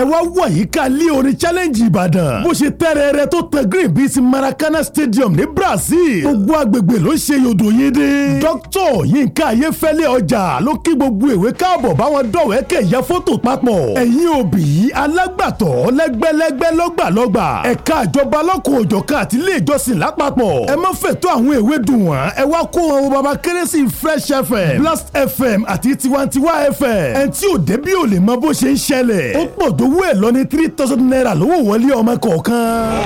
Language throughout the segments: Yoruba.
ẹ wá wọ̀nyí ká lé orin challenge ìbàdàn bó ṣe tẹ́rẹ̀ rẹ tó tẹ green bíi ti maracana stadium ní brazil gbogbo agbègbè ló ṣe yòdò yín dé. dókítà yínká ayéfẹ́lẹ́ ọjà ló kí gbogbo ìwé káàbọ̀ báwọn dọ̀wẹ́kẹ̀ ya fótò papọ̀ ẹ̀yin òbí alágbàtọ́ lẹ́gbẹ́lẹ́gbẹ́ lọ́gbàlọ́gbà ẹ̀ka ìjọba lọ́kùn òjọ̀ká àti ilé ìjọsìn lápapọ̀ ẹ má fẹ̀tọ́ àwọn ìwé dùn wọ́n ẹ wá kó wọn baba kérésì fresh fm blast fm àti tiwantiwa fm ẹ̀ tí ò débí ò lè mọ bó ṣe ń ṣẹlẹ̀ ó pọ̀ tó owó ẹ̀ lọ ní three thousand naira lówó wọlé ọmọ kọ̀ọ̀kan.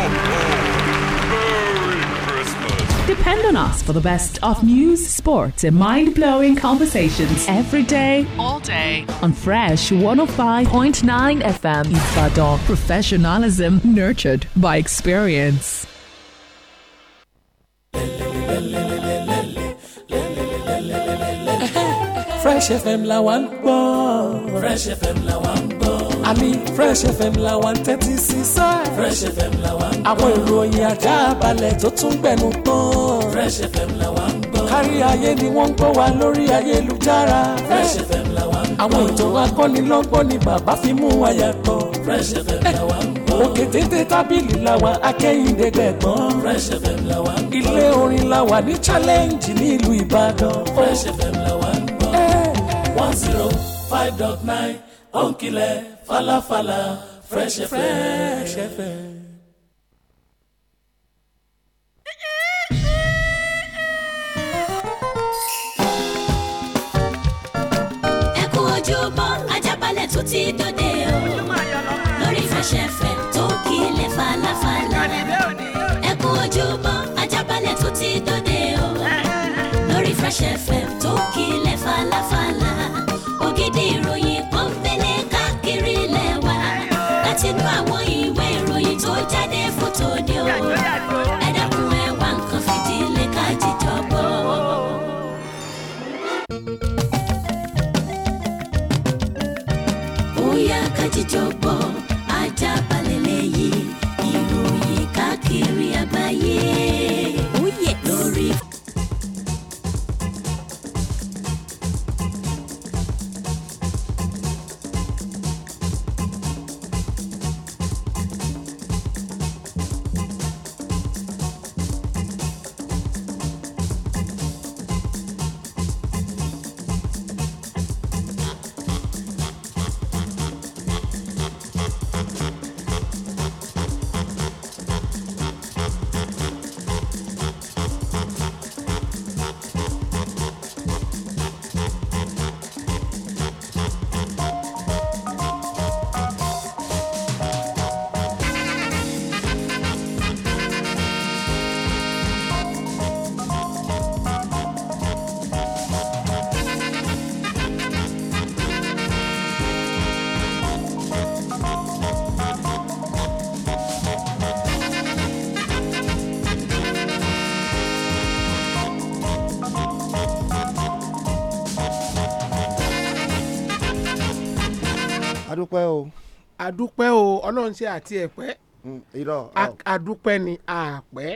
Depend on us for the best of news, sports, and mind blowing conversations every day, all day on Fresh 105.9 FM Ibadan. Professionalism nurtured by experience. Fresh FM la Fresh FM la àní Fresh FM la wa ń tẹ́tí sí sá. Fresh FM la wa ń gbọ́. àwọn ìròyìn ajá balẹ̀ tó tún gbẹnu tán. Fresh FM la wa ń gbọ́. kárí ayé ni wọ́n ń gbọ́ wa lórí ayélujára. Fresh FM la wa ń gbọ́. àwọn ètò akọ́nilọ́gbọ́n ni bàbá fi mú wa yàtọ̀. Fresh FM la eh, wa ń gbọ́. òkè téńté tábìlì la wa akẹ́yìndé gbẹ̀gbọ́n. Fresh FM la wa ń gbọ́. ilé orin la wa ní challenge ní ìlú Ìbàdàn. Fresh FM la wa ń gbọ́. Eh, eh. one zero five dot nine ònkìlẹ̀ falafala fresh fm. tó ti dòde o lórí Fresh FM tó kílẹ̀ falafala ẹ kú ojúmọ́ Ajaabale tó ti dòde FM adúpẹ́ o. adúpẹ́ o ọlọ́run ṣe àti ẹ̀pẹ́. Mm, irọ́ adúpẹ́ ni àpẹ́.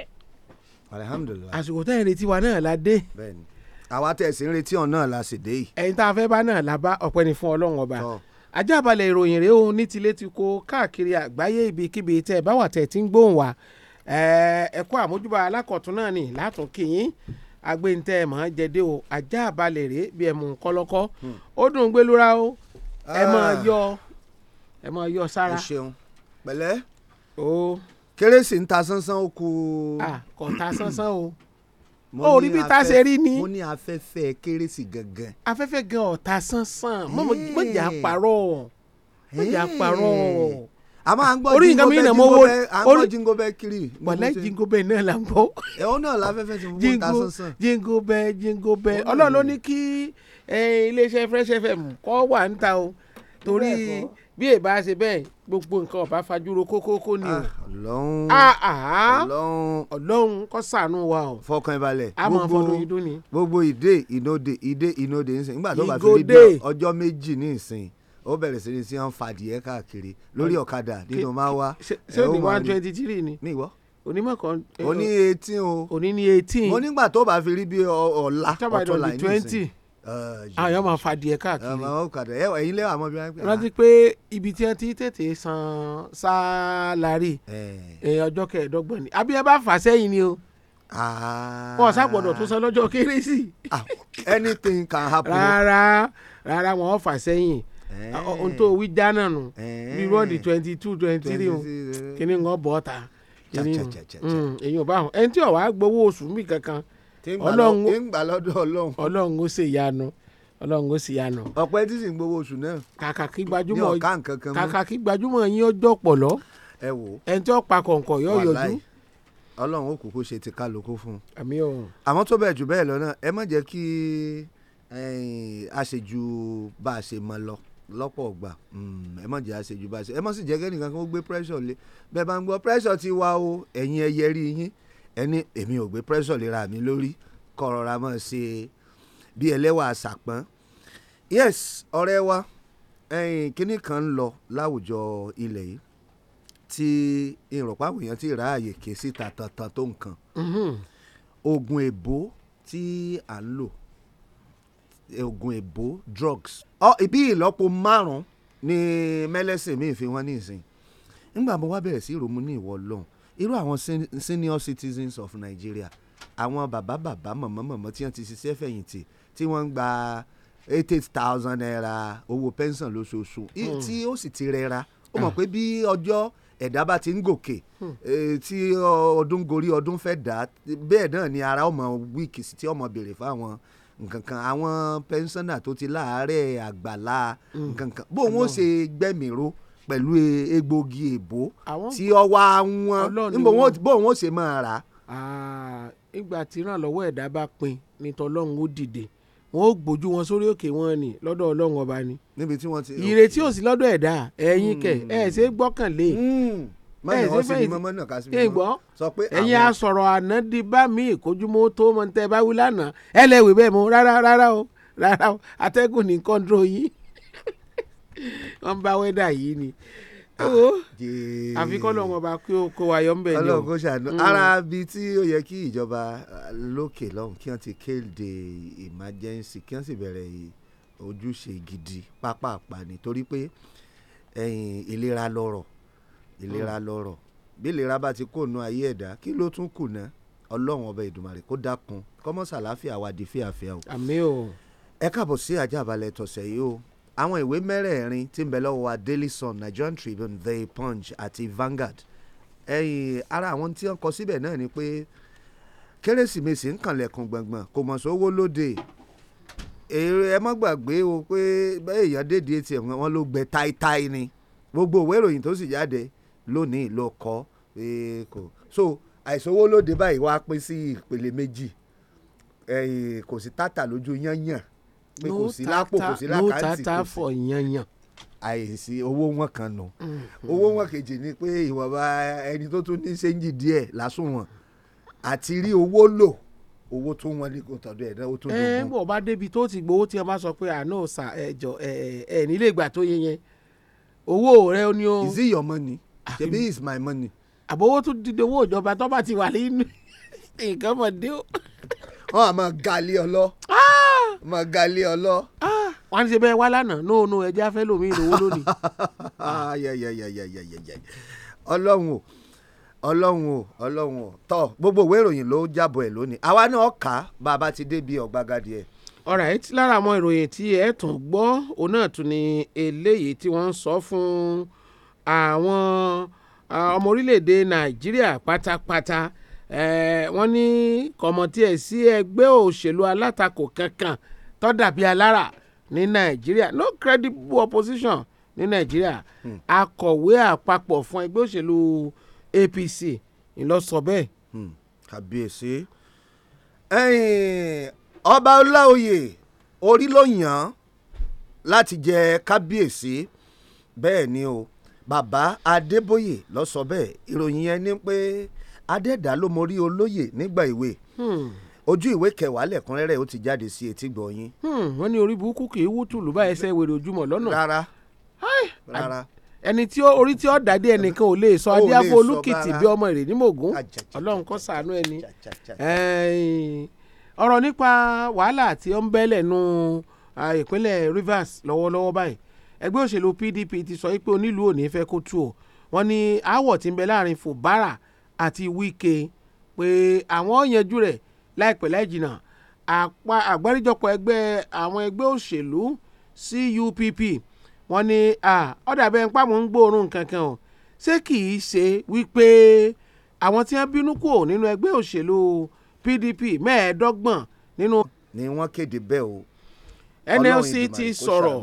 alihamudulilayi. àsìkò tẹ́ ẹ̀ retí wa náà la dé. bẹ́ẹ̀ni àwa tẹ̀ sí ń retí ọ̀n náà la sì dé yìí. ẹ̀yin tá a fẹ́ bá náà la bá ọpẹ́ ni fún ọlọ́run ọba. ajá balẹ̀ ìròyìn rèé o ní tilé ti kó káàkiri àgbáyé ibikíbi tẹ́ ẹ bá wà tẹ̀ tí ń gbóhùn wa ẹ̀kọ́ àmójúbà alákọ̀tún náà ni látún kìyìn agbẹ́ntẹ́ mọ̀ ọ́n jẹ́dẹ́ o ajá balẹ̀ rèé bí ẹ̀mú kọ́lọ́kọ́ hmm. ó dùn gbẹlúra o ẹ̀ ah. mọ̀ yọ ẹ mọ yọ sára. ẹ ṣeun pẹ̀lẹ́. o. kérésì ń ta sánsán ó ku. a kò ta sánsán o. ó rí bí ta ṣe rí ni. mo ní afẹ́fẹ́ kérésì gangan. afẹ́fẹ́ gan ọ̀ta sánsán mo jà parọ́ mo jà parọ́. a máa ń gbọ́ jingo bẹ́ẹ̀ jingo bẹ́ẹ̀ a ń gbọ́ jingo bẹ́ẹ̀ kiri. wàlẹ́ jingo bẹ́ẹ̀ náà la ń gbọ́. ẹ̀hún náà láfẹ́fẹ́ ti mú ta sánsán. jingo bẹ́ẹ̀ jingo bẹ́ẹ̀ ọlọ́run ló ní kí iléeṣẹ́ fresh fm kọ́ wà ń ta o torí bí èbá ṣe bẹ́ẹ̀ gbogbo nǹkan ọ̀bá fajúro kókókó ni o. Ah, ọlọ́run ah, ah. ọlọ́run ọlọ́run kó ṣàánú wa o. fọkàn ẹ balẹ̀ gbogbo gbogbo ìdè ìnode ìdè ìnode ń sìn nígbà tó bá fi rí bí ọjọ́ méjì ní ìsìn ó bẹ̀rẹ̀ sí ni sí ń fadìyẹ káàkiri lórí ọ̀kadà nínú máa wá. ṣé o ní one twenty three ni. ní ìwọ onímọ̀ kan. Eh, eighteen o. o ní eighteen. mo nígbà tó bá fi rí bí ọ̀la ọ̀tọ̀la ní ìsìn àwọn ah, yóò máa fa adìẹ káàkiri. àwọn ọkadà ẹ ẹyin lẹ́wọ̀n àmọ́ bí wọ́n pè é. rántí pé ibi tí wọ́n ti tètè san sáálárì ọjọ́ kẹẹ̀ẹ́dọ́gbọ̀n ni àbí ẹ bá fà sẹ́yìn ni o ah. wọn ṣàgbọ̀dọ̀ tó san lọ́jọ́ kérésì. Ah, anything can happen. rárá rárá wọn fà sẹ́yìn ohun tó wí dáná nù bí rọ́ọ̀dì twenty two twenty three kìnnìkan bọ́ọ̀ta kìnnìkan mm, èyí ò bá wọn ẹni tí ò wá gbowó oṣù mi kankan ọlọ́run ọlọ́run ó ṣe ìyanu ọlọ́run ó ṣe ìyanu. ọ̀pẹ tí sì ń gbowó oṣù náà. kàkà kí gbajúmọ̀ kàkà kí gbajúmọ̀ yín ọjọ́ pọ̀lọ́. ẹ wò. ẹni tí ó pa kọ̀ǹkọ̀ yóò yọjú. ọlọ́run ó kú kó ṣe ti kálukú fún un. àmín o. àmọ́ tó bẹ̀ jù bẹ́ẹ̀ lọ náà ẹ má jẹ́ kí a ṣe ju bá a ṣe mọ lọ lọ́pọ̀ ọgbà hmm, ẹ má jẹ́ àṣejù bá a ṣe ẹ má sì jẹ́ kẹ́nìkan kó gbé pressure lé bẹ́ẹ̀ bá ń gbọ́ pressure ti wá o ẹ̀yin ẹyẹ rí yín ẹni èmi ò gbé pressure lera mi lórí kọ́ rọra mọ́ ṣe bí ẹlẹ́wà àṣàpọ́n yes ọ̀rẹ́ wa ẹ̀yìn kínní kan ń lọ láwùjọ ilẹ̀ yìí tí ìrọ̀pá àwòyàn ti ráàyè ké síta tantan tó nǹkan mm-hmm. oògùn èbó tí à ń lò oògùn èbó drugs ọ ibi ìlọ́po márùn-ún ni mẹ́lẹ́sìn mi fi wọ́n ní ìsìn nígbà mo wá bẹ̀rẹ̀ sí ìròmú ní ìwọ lọ́hùn irú àwọn senior citizens of Nigeria àwọn bàbá bàbá mọ̀mọ́ mọ̀mọ́ tí wọ́n ti ṣiṣẹ́ fẹ̀yìntì tí wọ́n ń gba eight eight thousand naira owó pension lóṣooṣù hmm. tí ó sì ti rẹra ó mọ̀ hmm. pé bí ọjọ́ ẹ̀dá bá ti ń gòkè hmm. e, tí ọdún gorí ọdún fẹ́ dà bẹ́ẹ̀ náà ni ara ọmọ wíìkì sí tí ọmọ béèrè fáwọn nkankan àwọn pẹ́ńsánà tó ti láàárẹ̀ àgbàlá nkankan bó wọn ṣe gbẹ́mìíró pẹ̀lú e, egbògi èbó tí ọwọ́ wọn níbo wọn ò ṣe máa rà. Ah, ìgbà tí ìrànlọ́wọ́ ẹ̀dá bá pin ní tọ́lọ́run ó dìde wọn ò gbójú wọn sórí òkè wọn ni lọ́dọ̀ ọlọ́run ọba ni. níbi tí wọ́n ti. ìrètí ò sí lọ́dọ̀ ẹ̀dá ẹ̀yin kẹ̀ hmm. ẹ̀ ṣe gbọ́kànlé mọ̀nà ọ̀sẹ̀ ni mọ̀mọ́ náà kásìmọ̀ náà. ìgbọ́ ẹ̀yin asọ̀rọ̀ àná di bá mi ìkójúmọ́ tó mọ̀ tẹ́ bá wí lánàá ẹ lẹ́wìí bẹ́ẹ̀ mọ́ rárá rárá o rárá o atẹ́gùn ní kọ́ńdúró yìí wọ́n ń bá wẹ́dà yìí ni ah, wo àfi kọ́ lọ́wọ́ ọba kí o kó wa yọ ń bẹ̀ ni o. ọlọ́run kò ṣàánú mm. ara bíi tí ó yẹ kí ìjọba lókè lọ́hùn kí wọ́n ti kéde emergency kí wọ́n sì bẹ̀rẹ̀ ojúṣe gidi pápápá nítorí pé ìlera lọ́rọ̀ ìlera mm. lọ́rọ̀ bí ìlera bá ti kó nu ayé ẹ̀dá kí ló tún kù ná ọlọ́run ọba ìdùmarè kó dákun kọ́mọ́sálàáfíà wa di fíàfíà o. àmín o. ẹ káàbọ̀ sí àjàbalẹ̀ tọ̀sẹ̀ yìí o àwọn ìwé mẹ́rẹ̀ẹ̀rin tí ń bẹ lọ́wọ́ wa Daily Sun Nigerian Tribune The Punch àti Vanguard ẹ̀yìn ara àwọn tí wọ́n kọ síbẹ̀ náà ni pé kérésìmesì ń kànlẹ̀kùn gbọ̀ngbọ̀n kò mọ̀ sówó lóde èrè ẹ má gbàgbé o pé èèyàn dédìí etí ẹ̀ wọ́n ló gbẹ táítáí ni gbogbo òwe ìròyìn tó sì jáde lónìí ló kọ e, kò so àìsówó lóde báyìí wá pín sí ìpele méjì kò sí tàtà lójú yányàn pé kò sí lápò kò sí lákàntì kò sí. no tata for yanyan àìsí owó wọn kan nù mm-hmm. owó wọn kejì ni pé ìwọ̀nba ẹni tó tún ní sẹ́ńjì díẹ̀ lásùnwọ̀n àti rí owó lò owó tó wọn ní tọdọ ẹ náà ó tó dógún. ẹ bọ̀ bá débi tó ti gbowó tí ẹ bá sọ pé àná ọ̀sà ẹ̀jọ̀ ẹ̀ nílé ìgbà tó yẹ yẹn owó rẹ ni o. is it your money? Ah, ṣebí is my money. àbówó tún dídé owó ìjọba tó bá ti wà nínú nǹkan mọ̀ dé o wọn àmọ́ gali ọlọ́ mọ gali ọlọ́. wọ́n ti ah! ah! ṣe bẹ́ẹ̀ wá lánàá nóò nóò ẹjẹ́ afẹ́ lómi ìlówó lónìí. Ah, ọlọ́run o ọlọ́run o ọlọ́run o tọ́ gbogbo ìwé ìròyìn ló jábọ̀ ẹ̀ lónìí àwa náà kà á bá a bá ti débi ọ̀gbagadì ẹ̀. alright lára àwọn ìròyìn tí ẹ tún gbọ́ òun náà tún ni eléyìí tí wọ́n ń sọ fún àwọn ọmọ orílẹ̀-èdè nàìjíríà pátápátá wọ́n ní kọ̀mọ̀tì ẹ̀ sí ẹgbẹ́ òṣèlú alátakò kankan tó dàbí alára ní nàìjíríà no credible opposition ní nàìjíríà hmm. akọ̀wé àpapọ̀ fún ẹgbẹ́ òṣèlú APC ńlọ sọ bẹ́ẹ̀. Hmm. kàbíyèsí ọba ọláòyè orí ló yàn án láti jẹ kábíyèsí bẹ́ẹ̀ ni o bàbá adébóyè ló sọ bẹ́ẹ̀ ìròyìn yẹn ni pé. Pe adẹ́dá ló morí olóyè nígbà ìwé hmm. ojú ìwé kẹwàá lẹ́kùnrẹ́rẹ́ ó ti jáde sí etí gbọ̀nyin. Hmm, wọ́n ní orí burúkú kì í wú tùlù bá ẹsẹ̀ wèrè ojúmọ́ lọ́nà. rárá rárá ẹni tí ó orí tí ó dàdé ẹnìkan ò lè sọ adéáfó olùkìtì bí ọmọ rẹ̀ ní mògún ọlọ́run kó ṣàánú ẹni ọ̀rọ̀ nípa wàhálà tí ó ń bẹ́lẹ̀ nu ìpínlẹ̀ Rivers lọ́wọ́lọ́wọ́ báyìí ẹgbẹ́ òṣèlú PDP ti sọ pé onílùú ò ní fẹ́ kó tú o wọ́n ní aáwọ̀ tí ń bẹ láàrin Fubara àti Wike pé àwọn yanjú rẹ̀ láìpẹ́ láì jìnnà àgbáríjọpọ̀ ẹgbẹ́ àwọn ẹgbẹ́ òṣèlú CUPP wọ́n ní ọ̀dà bẹ́ẹ̀ ń pàmò ń gbóòórùn kankan o ṣé kì í ṣe wípé àwọn tí wọ́n bínú kò nínú ẹgbẹ́ òṣèlú PDP mẹ́ẹ̀ẹ́dọ́gbọ̀n nínú. ni wọ́n kéde bẹ́ẹ̀ o. NLC ti sọ̀rọ̀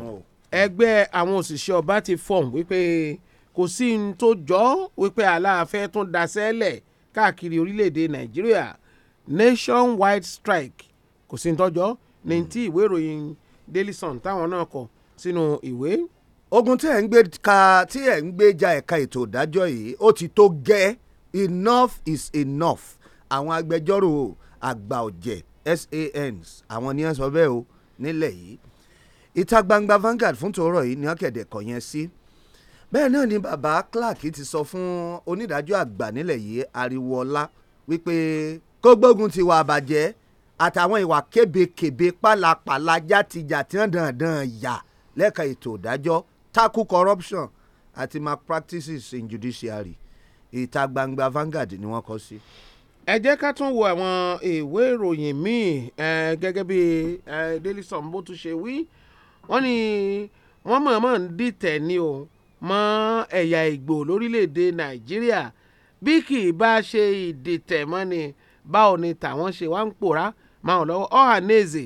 ẹgbẹ́ àwọn òṣìṣẹ́ ọba ti fọ̀hún wípé kò sí ní tó jọ wípé aláàfẹ́ tún daṣẹ́lẹ̀ káàkiri orílẹ̀-èdè nàìjíríà nationwide strike kò sí ní tọ́jọ́ ní ti ìwé ìròyìn daily sun táwọn náà kọ sínú ìwé. ogun tí ẹ̀ ń gbé ka tí ẹ̀ ń gbé ja ẹ̀ka ètò ìdájọ́ yìí ó ti tó gẹ́ enough is enough àwọn agbẹjọ́rò àgbà ọ̀jẹ̀ SANs àwọn ni wọ́n sọ bẹ́ẹ̀ o nílẹ̀ yìí ìta gbangba Vanguard fún tòórọ̀ yìí ni wọ́n kéde kọ̀ yẹn sí. Si bẹ́ẹ̀ náà ni bàbá Clark ti sọ fún onídàájọ́ àgbà nílẹ̀ yìí Ariwoọlá wípé kó gbógun ti wà àbàjẹ́ àtàwọn ìwà kébékèbé pálapàla játijàti dandan yà lẹ́ka ètò ìdájọ́ tackle corruption àti malpractices in judiciary ìta gbangba Vanguard ni wọ́n kọ́ sí. ẹ jẹ́ ká tún wo àwọn ìwé ìròyìn míì gẹ́gẹ́ bí Daily Sun bó tún ṣe wí wọ́n ní wọ́n mọ̀ọ́mọ̀ ń dìtẹ̀ ni o mọ́ ẹ̀yà ìgbò lórílẹ̀‐èdè nàìjíríà bí kì í bá ṣe ìdìtẹ̀mọ́ni báwo ni tàwọn ṣe wá ń pòórá máa lọ́wọ́ Ohanaeze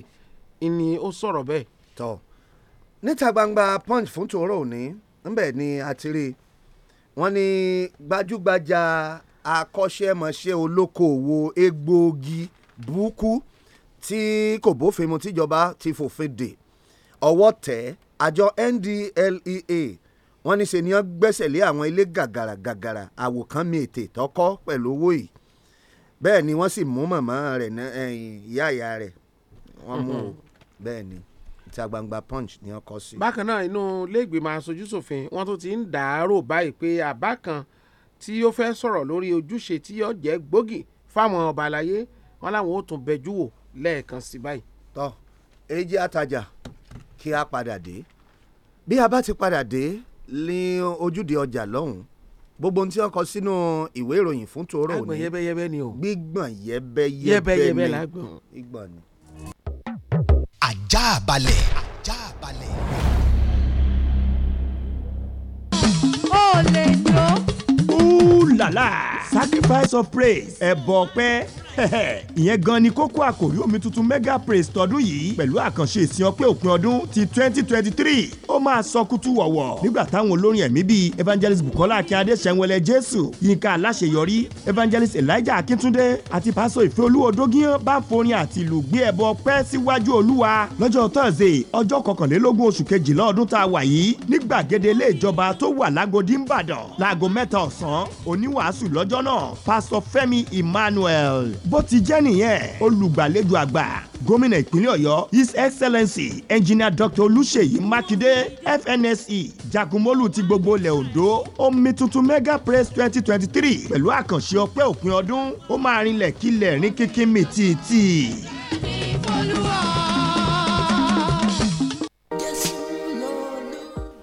ni ó sọ̀rọ̀ bẹ́ẹ̀. tọ́ níta gbangba punch fún tòórọ́ òní ńbẹ̀ ni a ti rí wọ́n ní gbajúgbajà akọ́ṣẹ́mọṣẹ́ olókoòwò egbòogi burúkú tí kò bófin mu tíjọba ti fòfin dè ọwọ́ tẹ̀ àjọ NDLEA wọ́n ní ṣe ni wọ́n gbẹ́sẹ̀ lé àwọn ilé gàgàrà gàgàrà àwòkán mi ètè tọ́kọ́ pẹ̀lú owó yìí bẹ́ẹ̀ ni wọ́n sì mú màmá rẹ̀ ìyá ìyá rẹ̀ wọ́n mú mhm. o bẹ́ẹ̀ ni ìta gbangba punch ni wọ́n kọ sí. bákan náà inú iléègbèmọ̀ aṣojúṣòfin wọ́n tún ti ń dàárò báyìí pé àbá kan tí ó fẹ́ sọ̀rọ̀ lórí ojúṣe tí yóò jẹ́ gbòógì fáwọn ọba àlàyé wọn làwọn ò tún bẹjú wò lẹ́ẹ̀kan sí báyìí. tọ́ èjì àtàjà kí a padà dé bí a bá ti padà dé ní ojúde ọjà lọ́hùn gbogbo tí wọ́n kọ sínú ìwé ìròyìn fún tòórọ́ òní gbígbọ̀n yẹ́bẹ́yẹ́bẹ́ ni o gbígbọ̀n yẹ́bẹ́yẹ́bẹ́ ni gbígbọ̀n ni. ajá balẹ̀. ó lè jó. ooo la la sacrifice of praise ẹ̀bọ̀ pẹ́ ìyẹn gan ni kókó àkòrí omi tuntun mega praise tọdún yìí pẹ̀lú àkànṣe ìsìn ọpẹ́ òpin ọdún ti twenty twenty three ó máa sọ kútú wọ̀wọ̀ nígbà táwọn olórin ẹ̀mí bíi evangelist bukola akínyadé sẹ́wọ́lẹ̀ jésù yínká aláṣeyọrí evangelist elijah akíntúndé àti pásọ ìfẹ́ olúwo dógíyàn bá forin àti ìlú gbé ẹbọ pẹ́ síwájú olúwa lọ́jọ́ thursday ọjọ́ kọkànlélógún oṣù kejìlá ọdún tá a wà yìí ní gbàgede ilé ìjọba tó wà lágodi ńbàdàn láago mẹ́ta ọ̀sán oníwàásù lọ́jọ́ náà pásọ fẹ́mi emmanuel bó ti jẹ́ nìyẹn olùgbàlejò àgbà gómìnà ìpínlẹ̀ ọ̀yọ́ his excellency engineer dr olùṣèyí mákindé fnse jagunmólú ti gbogbo ilẹ̀ ondo omi tuntun mega Press twenty twenty three pẹ̀lú àkànṣe ọpẹ́ òpin ọdún ó máa rinlẹ̀ kílẹ̀ rin kíkí mi tìtì.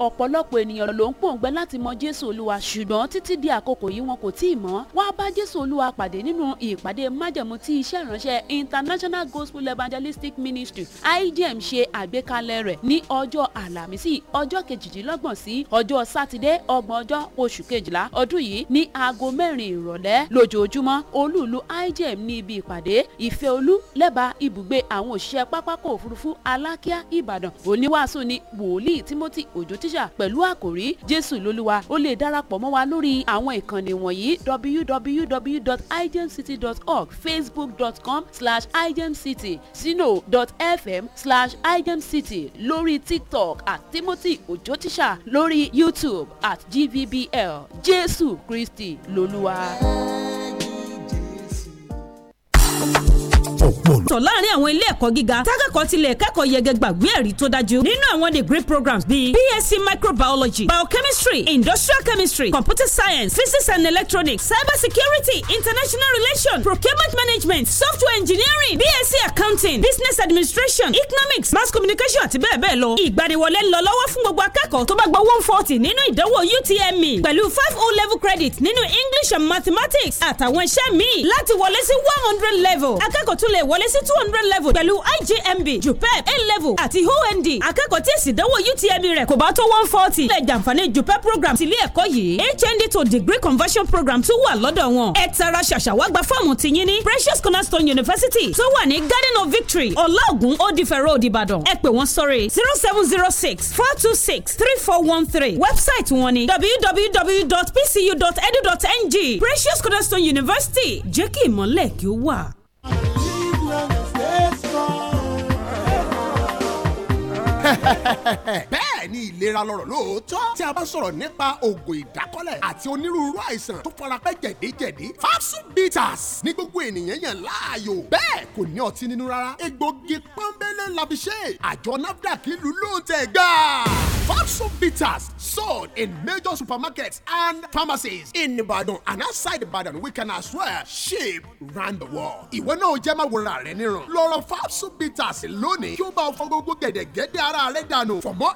ọ̀pọ̀lọpọ̀ ènìyàn ló ń pòǹgbẹ́ láti mọ jésù olúwa ṣùgbọ́n títí di àkókò yìí wọn kò tíì mọ̀ wá bá jésù olúwa pàdé nínú ìpàdé májẹ̀mú tí iṣẹ́ ìránṣẹ́ international gospel evangelistic ministry igm ṣe àgbékalẹ̀ rẹ̀ ní ọjọ́ àlàmísì ọjọ́ kejìdínlọ́gbọ̀n sí ọjọ́ sátidé ọgbọ̀n ọjọ́ oṣù kejìlá ọdún yìí ní aago mẹ́rin ìrọ̀lẹ́ lójoojúmọ́ olúùlú igm ní ibi ìpàdé ìfẹ́ olú lẹ́bàá ibùgbé àwọn òṣìṣẹ́ pápákọ̀ òfurufú alákíá ìbàdàn oníwàásù ni wòlíì timothy òjòtí Khadija pẹ̀lú àkòrí Jésù lólúwa o lè darapọ̀ mọ́ wa lórí àwọn ìkànnì wọ̀nyí www.igemcity.org facebook.com/igemcity sino.fm/igemcity lórí tiktok at timothy ojotisha lórí youtube at gvbl jésù kristi lolúwa òpó. tọ̀ láàrin àwọn ilé ẹ̀kọ́ gíga takẹ́kọ̀ọ́ tilẹ̀ kẹ́kọ̀ọ́ yege gbàgbé ẹ̀rí tó dájú nínú àwọn degree programs bíi BSc microbiology biochemistry industrial chemistry computer science physics and electronics Cybersecurity, international relations procurement management software engineering BSc accounting business administration economics mass communication àti bẹ́ẹ̀ bẹ́ẹ̀ lọ. ìgbaniwọlé ń lọ lọ́wọ́ fún gbogbo akẹ́kọ̀ọ́ tó bá gba one forty nínú ìdánwò UTME pẹ̀lú five o level credit nínú English and mathematics àtàwọn iṣẹ́ míì láti wọlé sí one hundred level akẹ́kọ̀ọ́ tún lè lè wọlé sí two hundred level pẹ̀lú IJMB JUPEP A level àti OND akẹ́kọ̀ọ́ tí èsì ìdánwò UTME rẹ̀ kò bá tó one forty lè jàǹfààní JUPEP program tìlé ẹ̀kọ́ yìí HND to degree conversion program tún wà lọ́dọ̀ wọn ẹ tara ṣàṣàwá gba fọ́ọ̀mù tìyín ní Precious Cornerstone University tó wà ní Garden of Victory Ọláògùn Òdìfẹ̀ road Ìbàdàn ẹ pè wọ́n sórí zero seven zero six four two six three four one three website wọn ni www.pcu.edu.ng Precious Cornerstone University jẹ́ kí ìmọ̀lẹ̀ kí ó wà. Baseball. Baseball. bẹ́ẹ̀ ni ìlera lọ̀rọ̀ lóòótọ́ tí a bá sọ̀rọ̀ nípa ògùn ìdákọ́lẹ̀ àti onírúurú àìsàn tó farapẹ́ jẹ̀díjẹ̀dí fapsu bitters ní gbogbo ènìyàn yàn láàyò bẹ́ẹ̀ kò ní ọtí nínú rárá egbògi pọ́nbélé la àjọ nafdac ìlú ló tẹ̀ gbà. fapsu bitters sold in major supermarkets and pharmacies in Ibadan and outside Ibadan we can as well ship round the world. ìwọ náà jẹ́ máa wòra rẹ̀ níran lọ́rọ̀ fapsu bitters lónìí kí ó bá fọ gbogbo gẹ̀dẹ̀gẹ̀dẹ̀ ara rẹ̀ dànù for more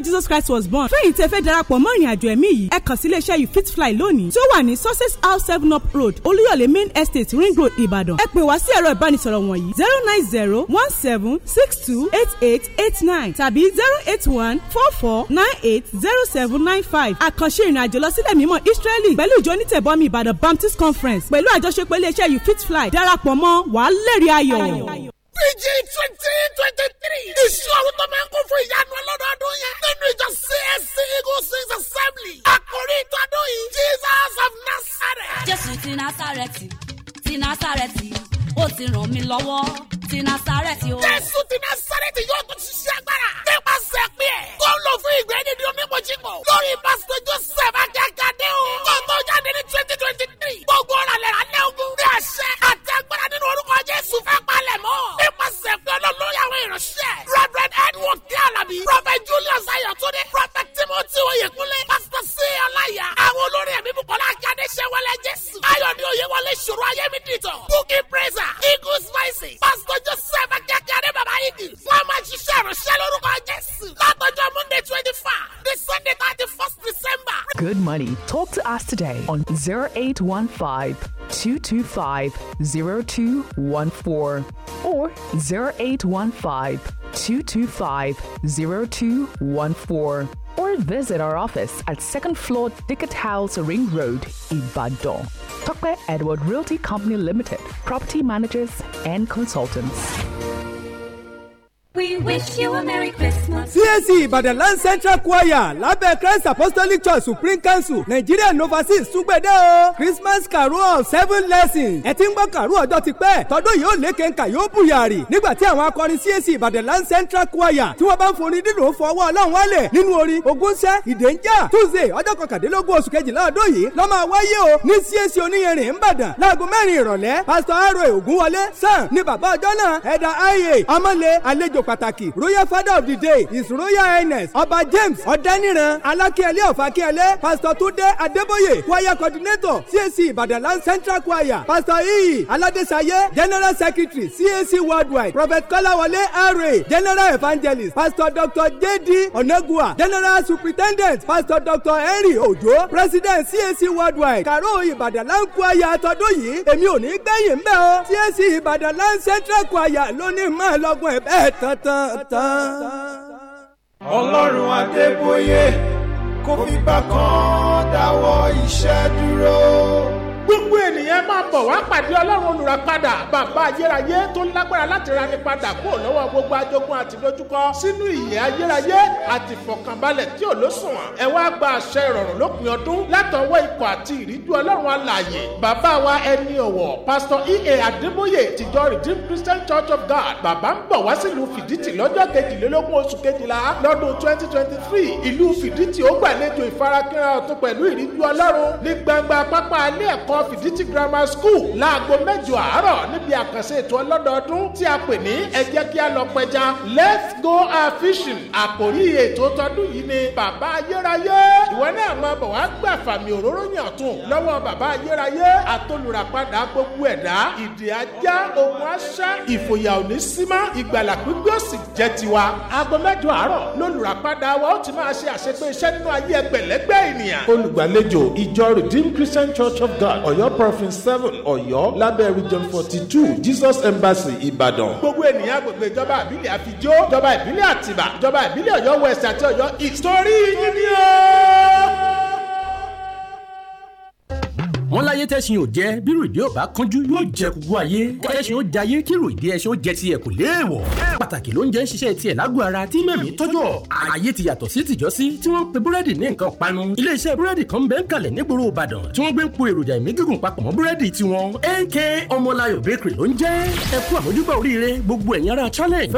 where Jesus Christ was born fẹ́yìn tẹ́ fẹ́ darapọ̀ mọ́ ìrìn àjò ẹ̀mí yìí ẹ kàn sí iléeṣẹ́ you fit fly lónìí tí ó wà ní success house seven up road olúyọ̀lé main estate ring road ìbàdàn ẹ pè wá sí ẹ̀rọ ìbánisọ̀rọ̀ wọ̀nyí zero nine zero one seven six two eight eight eight nine tàbí zero eight one four four nine eight zero seven nine five àkànṣe ìrìn àjò lọ sílẹ̀ mímọ́ Israeli pẹ̀lú ìjọ onítẹ̀bọmi ìbàdàn baptist conference pẹ̀lú àjọṣepọ̀ iléeṣẹ́ you fit fly darapọ̀ mọ́ wàá lẹ́rìí ayọ̀ pg twenty twenty three. iṣu àwọn tó máa ń kún fún ìyanu ọlọ́dọọdún yẹn. nínú ìjọ csc eagle sings assembly. àkórí ìtọ́dún yìí jesus of nazareth. jésù ti nazareti ti nazareti ó ti ràn mí lọ́wọ́ ti nazareti o. jésù ti nazareti yóò tún ṣiṣẹ́ agbára. nípasẹ̀ pé ẹ̀. tó ń lò fún ìgbẹ́ nídìí onímọ̀jìmọ̀. lórí pásítọ̀ joseph akẹ́kẹ́ dé o. kó tó jáde ní twenty twenty three. gbogbo ọ̀rọ̀ àlẹ́ àlẹ́ ogun rí àṣẹ àti agbára nínú orúkọ Jésù fẹ́ palẹ̀ mọ́. nípasẹ̀ Ọlọ́run lórí àwọn ìránṣẹ́. Edward Julius Ayotunde. Timothy Oyekunle. Ọláyà. àwọn olórin ẹ̀mí Bùkọ́lá Jésù. Oyewọlé Ṣòro Bukki Praiser. Joseph ṣiṣẹ́ ìránṣẹ́ lórúkọ Jésù. Látọjọ́ Monday thirty first December. Good money. Talk to us today on 0815 225 0214 or 0815 225 0214 or visit our office at second floor Dickett House Ring Road, Ibadan. Tokwe Edward Realty Company Limited, property managers and consultants. We wish you a Merry Christmas. CAC Ìbàdàn Land Central Choir lábẹ́ Christ Apostolic Church Supreme Council Nigeria Novasis Súgbẹ́dẹ́ o. Christmas Carol Seven Lessons. Ẹ ti ń gbọ́ kàrú ọjọ́ ti pẹ́. Tọ́dún yìí ó lékè ń kà yóò bùyàrì. Nígbà tí àwọn akọrin CAC Ìbàdàn Land Central Choir tí wọ́n bá ń forin dídùn fọwọ́ ọlọ́run wálẹ̀ nínú orin Ogúnṣẹ́ Ìdẹ́njà Tuesday ọjọ́ kọkàndínlógún oṣù kejìlá ọdún yìí ló máa wáyé o ní CAC Oníyẹrin Ìbàdàn láago mẹ́rin ìrọ̀lẹ́ Pásítọ̀ Aroe Ògúnwọlé Sàn ni bàbá ọjọ́ náà pàtàkì royal father of the day is royal highness ọba james ọ̀dẹ́niran alákẹ́lẹ́ ọ̀fàkẹ́lẹ́ pastor túndé adébóyè choir coordinator cac ìbàdàn central choir pastor iyì e e, Aladesaye, general secretary cac worldwide prophet kọ́láwọlé ra general evangelist pastor dr jd Onegua, general superintendent pastor dr henry ojo president cac worldwide karo ìbàdàn choir tọdún yìí èmi ò ní gbẹ̀yìn mbẹ́ o cac ìbàdàn central choir lónìí mọ́ ẹ lọ́gbọ̀n ẹ̀ bẹ́ẹ̀ tán tátátá. ọlọ́run adébóyè kò fi bá dáwọ́ iṣẹ́ dúró gbogbo ènìyàn máa bọ̀ wá pàdé ọlọ́run olùràpadà bàbá ayérayé tó lágbára láti rani padà kó lọ́wọ́ gbogbo ajogun àti lójúkọ sínú ìyè ayérayé àti ìfọ̀kànbalẹ̀ tí ò lóṣùwọ̀n ẹ wá gba àṣẹ ìrọ̀rùn lópin ọdún látọwọ́ ikọ̀ àti ìríjú ọlọ́run alààyè bàbá wa ẹni ọ̀wọ̀ pásítọ̀ ea adébóyè tìjọ redeemed christian church of god bàbá ń bọ̀ wá sílùú fìdítì lọ́jọ́ kejìlélógún oṣù kejìlá lọ́dún twenty twenty three ìlú fìdítì ó gbàlejò ìfarakínra ọ̀tún pẹ̀lú ìríjú ọlọ́run ní gbangba pápá ilé ẹ̀kọ́ ọba grammar school láago mẹ́jọ àárọ̀ níbi àkànṣe ètò ọlọ́dọọdún tí a pè ní ẹ kí a lọ pẹja let's go fishing àkòrí ètò tọdún yìí ni bàbá ayérayé ìwọ náà máa bọ̀ wá gbà fàmì òróró yàn tún lọ́wọ́ bàbá ayérayé àtolùràpadà gbogbo ẹ̀dá ìdè ajá ogun aṣá ìfòyà òní símá ìgbàlà gbígbé òsì jẹ́ tiwa aago mẹ́jọ àárọ̀ lólùràpadà wa ó ti máa ṣe àṣepé iṣẹ́ nínú ayé ẹgbẹ̀lẹ́gbẹ̀ ènìyàn olùgbàlejò ìjọ redeemed christian church of god Ọ̀yọ́ province seven Ọ̀yọ́ lábẹ́ region forty two Jesus embassy Ibadan. gbogbo ènìyàn agbègbè ìjọba ìbílẹ̀ àfijó ìjọba ìbílẹ̀ àtìbà ìjọba ìbílẹ̀ Ọ̀yọ́ west àti Ọ̀yọ́ ìtòrí yín ni ó wọ́n láyé tẹ́sìn ò jẹ́ bírò ìdí ò bá kánjú yóò jẹ gbogbo ayé kẹ́sìn ó jayé kírò ìdí ẹṣin ó jẹ tiẹ̀ kò léèwọ̀ pàtàkì ló ń jẹ́ ń ṣiṣẹ́ tiẹ̀ lágbo ara tí mẹ́mí tọ́jọ́ ayé ti yàtọ̀ sí tìjọ́sí tí wọ́n ń pe búrẹ́dì ní nǹkan panu iléeṣẹ́ búrẹ́dì kan bẹ́ẹ̀ ń kalẹ̀ nígboro Ìbàdàn tí wọ́n gbé ń po èròjà ìmí gígùn papọ̀ mọ́ búrẹ́dì tiwọn AK Ọmọláyọ̀ bakery ló ń jẹ́ ẹ kú àmójúbà oríire gbogbo ẹ̀yin ará challenge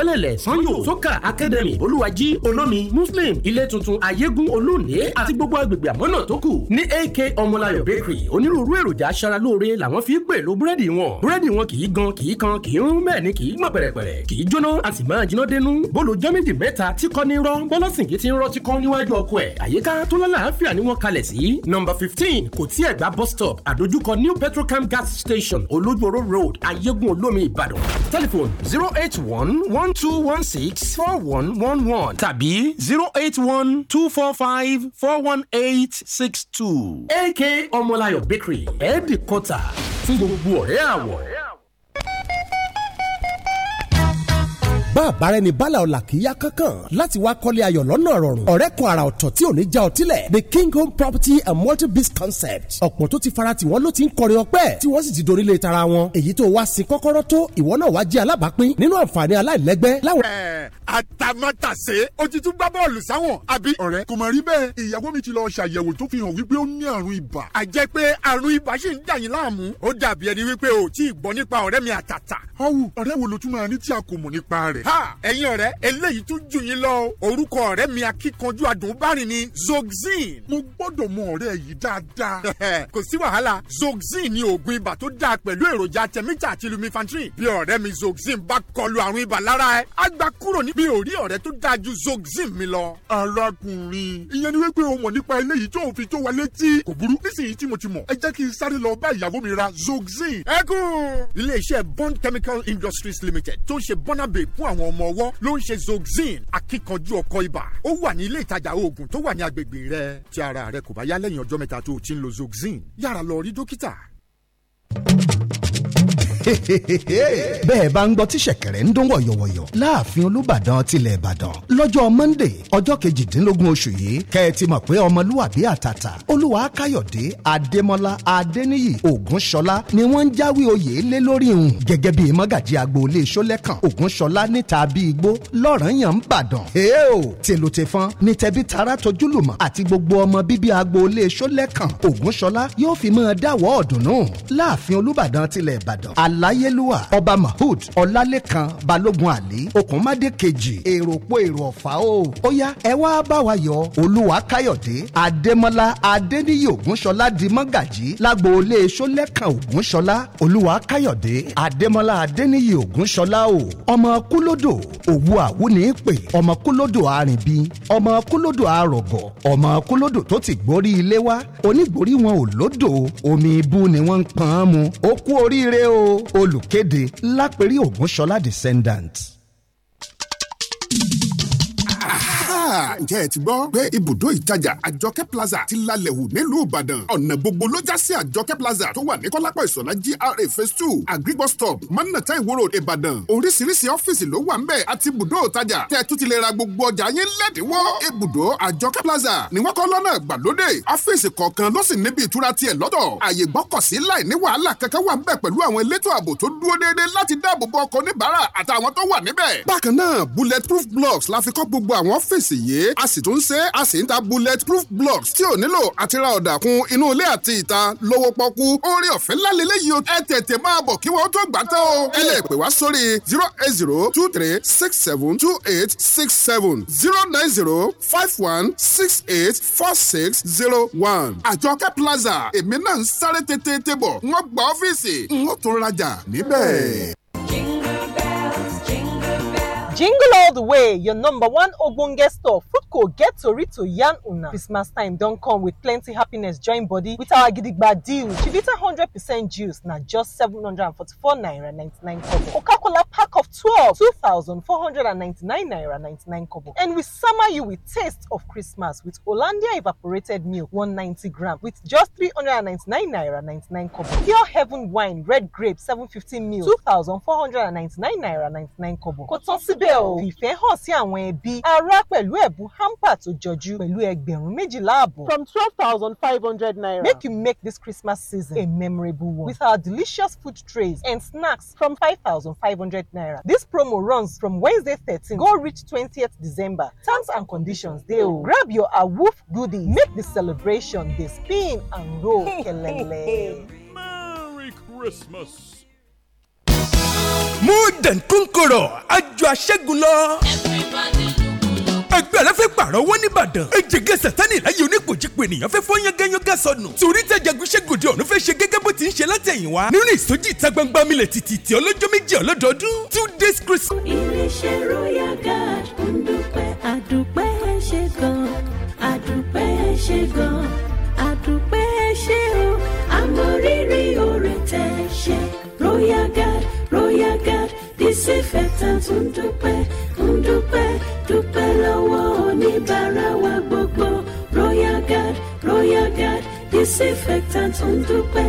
academy olúwají olómi muslim ilé tuntun ayégún olóòní àti gbogbo agbègbè àmọ́nà tó kù ní AK Ọmọláyọ̀ bakery onírú onírúurú èròjà aṣara lóore làwọn fi pèlò búrẹ́dì wọn búrẹ́dì wọn kì í gan kì í kan kì í rún bẹ́ẹ̀ ni kì í gbọ̀n pẹ̀rẹ̀pẹ̀rẹ̀ kì í jóná a sì máa jiná dénú bólú jọ́ mẹ́ta tí kọ́ ní rọ́ bọ́lọ́sìnkì ti rọ́ ti kọ́ níwájú ọkọ ẹ̀ àyíká tó lọ́la àáfíà ni wọ́n kalẹ̀ sí. nọ́mbà fifteen kò tí ẹ̀ gba bus stop àdójúkọ new petrocam gas station olójúoró road ayégun olómi ìbàdàn telephone zero eight one one two one six four one one one tàbí zero eight one two four five four one eight six two. ak ọmọláyọ̀ bakery pre headquarter fún gbogbo ọ̀rẹ́ àwọ̀. bá àbárẹ́ ni bala ọ̀la kìíya kankan láti wá kọ́lé ayọ̀ lọ́nà rọrùn ọ̀rẹ́ kan àrà ọ̀tọ̀ tí ò ní já ọtí the king home property and multi-biz concept ọ̀pọ̀ tó ti fara tiwọn ló ti ń kọrin ọpẹ́ tí wọ́n sì ti dorí lè tara wọn èyí tó wá sí kọ́kọ́rọ́ tó ìwọ náà wá jẹ́ alábàápín nínú àǹfààní aláìlẹ́gbẹ́ láwọn. ẹ àtàmátàsé o ti tún gbá bọ́ọ̀lù sáwọn àbí. ọ̀rẹ́ kò mọ̀ rí bẹ́ẹ̀ ìyàwó mi ti lọ ṣàyẹ̀wò tó fi hàn wípé ó ní àrùn ibà. a jẹ́ pé àrùn ibà ṣì ń dà yín láàmú. ó dàbí ẹni wípé o tí ì gbọ́ nípa ọ̀rẹ́ mi àtàtà. ọ̀wù ọ̀rẹ́ wo lo tún máa ní tí a kò mọ̀ nípa rẹ̀ ha ẹ̀yin ọ̀rẹ́ eléyìí tún jù yín lọ orúkọ ọ̀rẹ́ mi akíkanjú adùnbárìn ni Zoxyn. mo gbọ́dọ̀ mọ ọ̀rẹ́ yìí dáadáa. kò sí wàhálà Zoxyn ni oògùn ibà tó dáa pẹ̀lú èròjà tẹ̀mítà àti lumifantrin. bí ọ̀rẹ́ mi Zoxyn bá kọlu àrùn ibà lára ẹ á gbà kúrò níbi òrí ọ̀rẹ́ tó dáa ju Zoxyn mi lọ. arákùnrin ìyẹn ni wípé o mọ̀ nípa eléyìí tó o fi tó wa létí. kò burú nísìnyí tí mo ti mọ̀ ẹ jẹ́ kí n sáré lọ bá ìyàwó mi ra Zoxyn. ẹ kú. ilé iṣẹ́ Bond Chemical Industries Limited tó ń ṣe bọ́nàbè fún à àwọn ọmọ ọwọ́ ló ń ṣe Zoxyn akíkanjú ọkọ ibà ó wà ní ilé ìtajà oògùn tó wà ní agbègbè rẹ tí ara rẹ kò bá yá lẹ́yìn ọjọ́ mẹ́ta tó o ti ń lo Zoxyn yára lọ rí dókítà. bẹ́ẹ̀ bá ń gbọ́ tí ṣẹ̀kẹ̀rẹ̀ ń dún wọ̀yọ̀wọ̀yọ̀ láàfin olúbàdàn tilẹ̀ ìbàdàn lọ́jọ́ monday ọjọ́ kejìdínlógún oṣù yìí kẹ́ ti mọ̀ pé ọmọlúwàbí àtàtà olúwa káyọ̀dé adémọ́lá adéníyì ògúnṣọlá ni wọ́n ń jáwé oyè lé lórí hùn gẹ́gẹ́ bí mọ́gàjí agboolé ṣọlẹ́kàn ògúnṣọlá níta bí igbó lọ́ranyàn ìbàdàn èèò tèlò tèfọn ní tẹbí tará tojúlùmọ̀ àti gbogbo ọmọ bíbí agboolé ṣọlẹ́kàn ògúnṣọlá yóò fi máa dáwọ́ ọ̀dùnnú aláyélúwà ọba mahood ọlálẹ́kan balógun àlí okùnmádé kejì èròpó èrò ọ̀fà o ó yá ẹ wá bá wa yọ olúwa káyọ̀dé adémọ́lá adéníyí ògúnṣọlá di mọ́gàjì lágboolé sólẹ́kan ògúnṣọlá olúwa káyọ̀dé adémọ́lá adéníyí ògúnṣọlá o ọmọ kúlódò òwú àwúni pè ọmọ kúlódò arìnbí ọmọ kúlódò arọ̀gọ̀ ọmọ kúlódò tó ti gbórí ilé wá onígbórí wọn ò lódò omi ibú ni wọ́n ń pọ́n mu ó kú oríire o olùkéde lápẹ̀rí ògúnṣọlá descendant. ǹjẹ́ ẹ ti gbọ́ pé ibùdó ìtajà àjọkẹ́ plaza ti lalẹ̀ hù nílùú ìbàdàn ọ̀nà gbogbo ló já sí àjọkẹ́ plaza tó wà ní kọ́lápọ̀ ìsọ̀lá GRA phase two agribus manata iwo ìbàdàn oríṣiríṣi ọ́fíìsì ló wà ń bẹ̀ àti ibùdó ìtajà tẹ́ ẹ tún ti lè ra gbogbo ọjà yín lẹ́dínwó ibùdó àjọkẹ́ plaza ni wọ́n kọ́ lọ́nà ìgbàlódé ọ́fíìsì kọ̀ọ̀kan ló sì níbi ìtura tiẹ̀ lọ́dọ̀ àyè gbọ́kọ̀sí láì ní wàhálà kankan wà ń bẹ̀ pẹ̀lú àwọn elétò ààbò tó dúró déédéé láti dáàbò bo ọkọ̀ oníbàárà àtàwọn tó wà níbẹ̀. bákan náà bulletproof blocks la fi kọ́ gbogbo àwọn ọ́fíìsì yìí a sì tún ṣe é a sì ń ta bullet proof blocks tí ò nílò àti ra ọ̀dà kun inú ilé àti ìta lówó pọ́kú orí ọ̀fẹ́ lálẹ́lẹ́ yìí o ẹ tètè máa bọ̀ kí wọ́n tó gbà tán o ẹ lè pè wá sórí zero eight zero two three six seven two eight six seven zero nine zero five one six eight four six zero one àjọkẹ́ plaza èmi náà ń sáré tètè tètè bọ̀ wọ́n gba ọ́fíìsì n ó tún rajà níbẹ̀ jingle all the way your number one ogbonge store foodco get tori to yarn una christmas time don't come with plenty happiness join body with our gidigba deal chivita hundred percent juice na just 744 naira ninety-nine kobo coca-cola pack of twelve two thousand four hundred ninety-nine naira ninety-nine kobo and we summer you with taste of christmas with olandia evaporated milk one ninety gram with just three hundred ninety-nine naira ninety-nine kobo pure heaven wine red grape seven fifty mil two thousand four hundred ninety-nine naira ninety-nine kobo kò tán bẹ́ẹ̀ ò hàn sí àwọn ẹbí ará pẹ̀lú ẹ̀bùn hamper tó jọjú pẹ̀lú ẹgbẹ̀rún méjìlá àbọ̀. from twelve thousand five hundred naira. make you make this Christmas season a memorable one with our delicious food trays and snacks from five thousand five hundred naira. this promo runs from Wednesday thirteen go reach twentieth December terms and conditions dey o. grab your awoof goodies make the celebration dey spin and roll kelele. Merry Christmas. more than kúnkòrò àjọ aṣẹ́gun lọ. everybody ẹgbẹ́ rẹ fẹ́ pààrọ̀ owó nìbàdàn. ejige sátani láyé oníkòjìpò ènìyàn fẹ́ fọ́ yángányángá sọnù. torí tẹjagun ṣẹ́gun òde ọ̀run fẹ́ ṣe gẹ́gẹ́ bó ti ń ṣe látẹ̀yìn wá. nínú ìsọjí ìta gbangba milẹ̀ títì tí ọlọ́jọ́ méjì ọlọ́dọọdún two days christmas. iléeṣẹ́ royal guard ń dúpẹ́ àdúpẹ́ ṣe gan-an àdúpẹ́ ṣe gan-an àdúpẹ́ ṣe o àmọ́ rírì oore tẹ̀ ṣe royal guard royal guard disinfectant ń dúpẹ́ ń dúpẹ́ dúpẹ́ lọ́wọ́ oníbàárà wa gbogbo royal guard royal guard disinfectant ń dúpẹ́.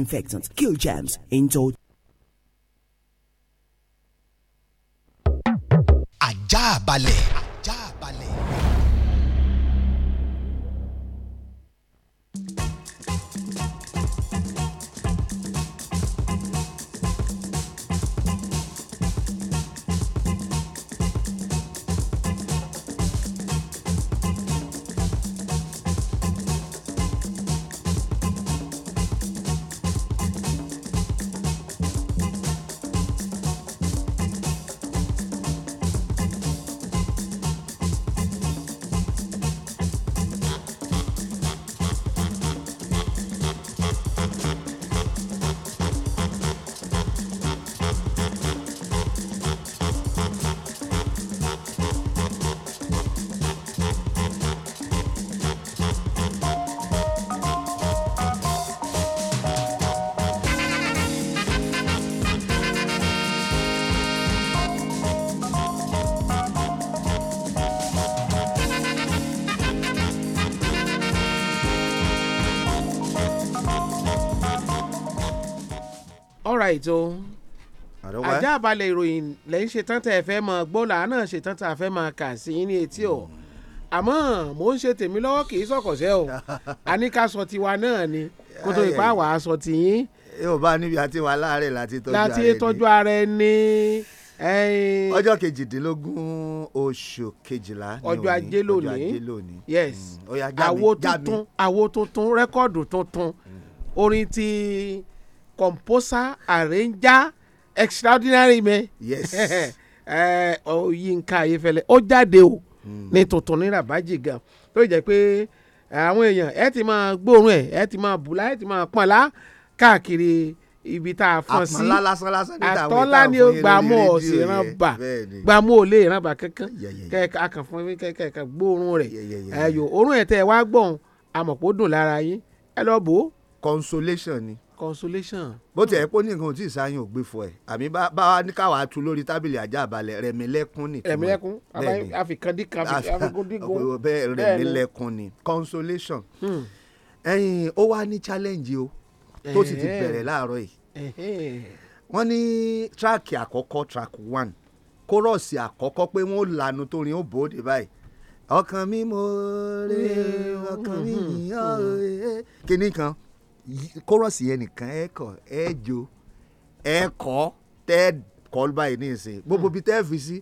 disinfectants, kill germs, into. ajá balẹ̀. ajá balẹ̀. ètò ajá balẹ̀ ìròyìn lẹ́ ń ṣetán tẹ́ ẹ fẹ́ mọ gbọ́ làánà ṣetán tẹ́ ẹ fẹ́ mọ kà sí ní etí ọ̀ àmọ́ mò ń ṣe tèmi lọ́wọ́ kì í sọ̀kọ̀ṣẹ́ o a sọ tiwa náà ni kó tó ipá wàá sọ tiyín. yóò bá níbi àti wà láàárẹ̀ láti tọ́jú ara ẹni. láti tọ́jú ara ẹni. ọjọ́ kejìdínlógún oṣù kejìlá ni òní ọjọ́ ajé lónìí yes mm. àwo tuntun àwo tuntun rẹ́kọ̀dù tuntun mm. orin ti composer arranger extraordinary man. yes. Eh, Yínká Ayéfẹ́lẹ́ ó jáde o hmm. ní tuntun ní rabaji gan tó jẹ́ pé eh, àwọn èèyàn ẹ ti máa gbóòórùn ẹ ẹ ti máa bùlá ẹ ti máa pọ̀nlá káàkiri ibi tá a fọn sí àtọ́lá ni ó gbàmú ọ̀sìn ìran bà gbàmú ò lè ìran bà kankan kẹ́ẹ̀ka akànfọ́n mi kẹ́ẹ̀ka gbóòórùn rẹ̀ ẹ̀yọ̀ òórùn eh, ẹ̀ tẹ́ ẹ wá gbọ̀n amọ̀pọ̀ dùn lára yín ẹ lọ bò ó. consolation ni consolation. bó tiẹ̀ kó ní nǹkan ò tí ì sáyìn ògbé fún ẹ àmì bá wa ní káwa tu lórí tábìlì ajá àbálẹ̀ rẹ̀mílẹ́kún ni. rẹ̀mílẹ́kún àfikàndínkà àfikàndínkò bẹ́ẹ̀ rẹ̀mílẹ́kún ni consolation. Hmm. ẹyin ó wá ní challenge o tó sì ti bẹ̀rẹ̀ láàárọ̀ yìí. wọ́n ní tíráàkì àkọ́kọ́ track one kórọ̀ọ̀sì àkọ́kọ́ pé wọ́n lanu tó rin ó bòóde báyìí ọkàn mi mo rè ọkàn mi hmm, hmm, yàn ó rè kíní kan kórọ̀sì yẹn nìkan ẹ kọ ẹ jo ẹ kọ tẹ kọ báyìí ní ìsìn gbogbo hmm. bíi tẹ fi sí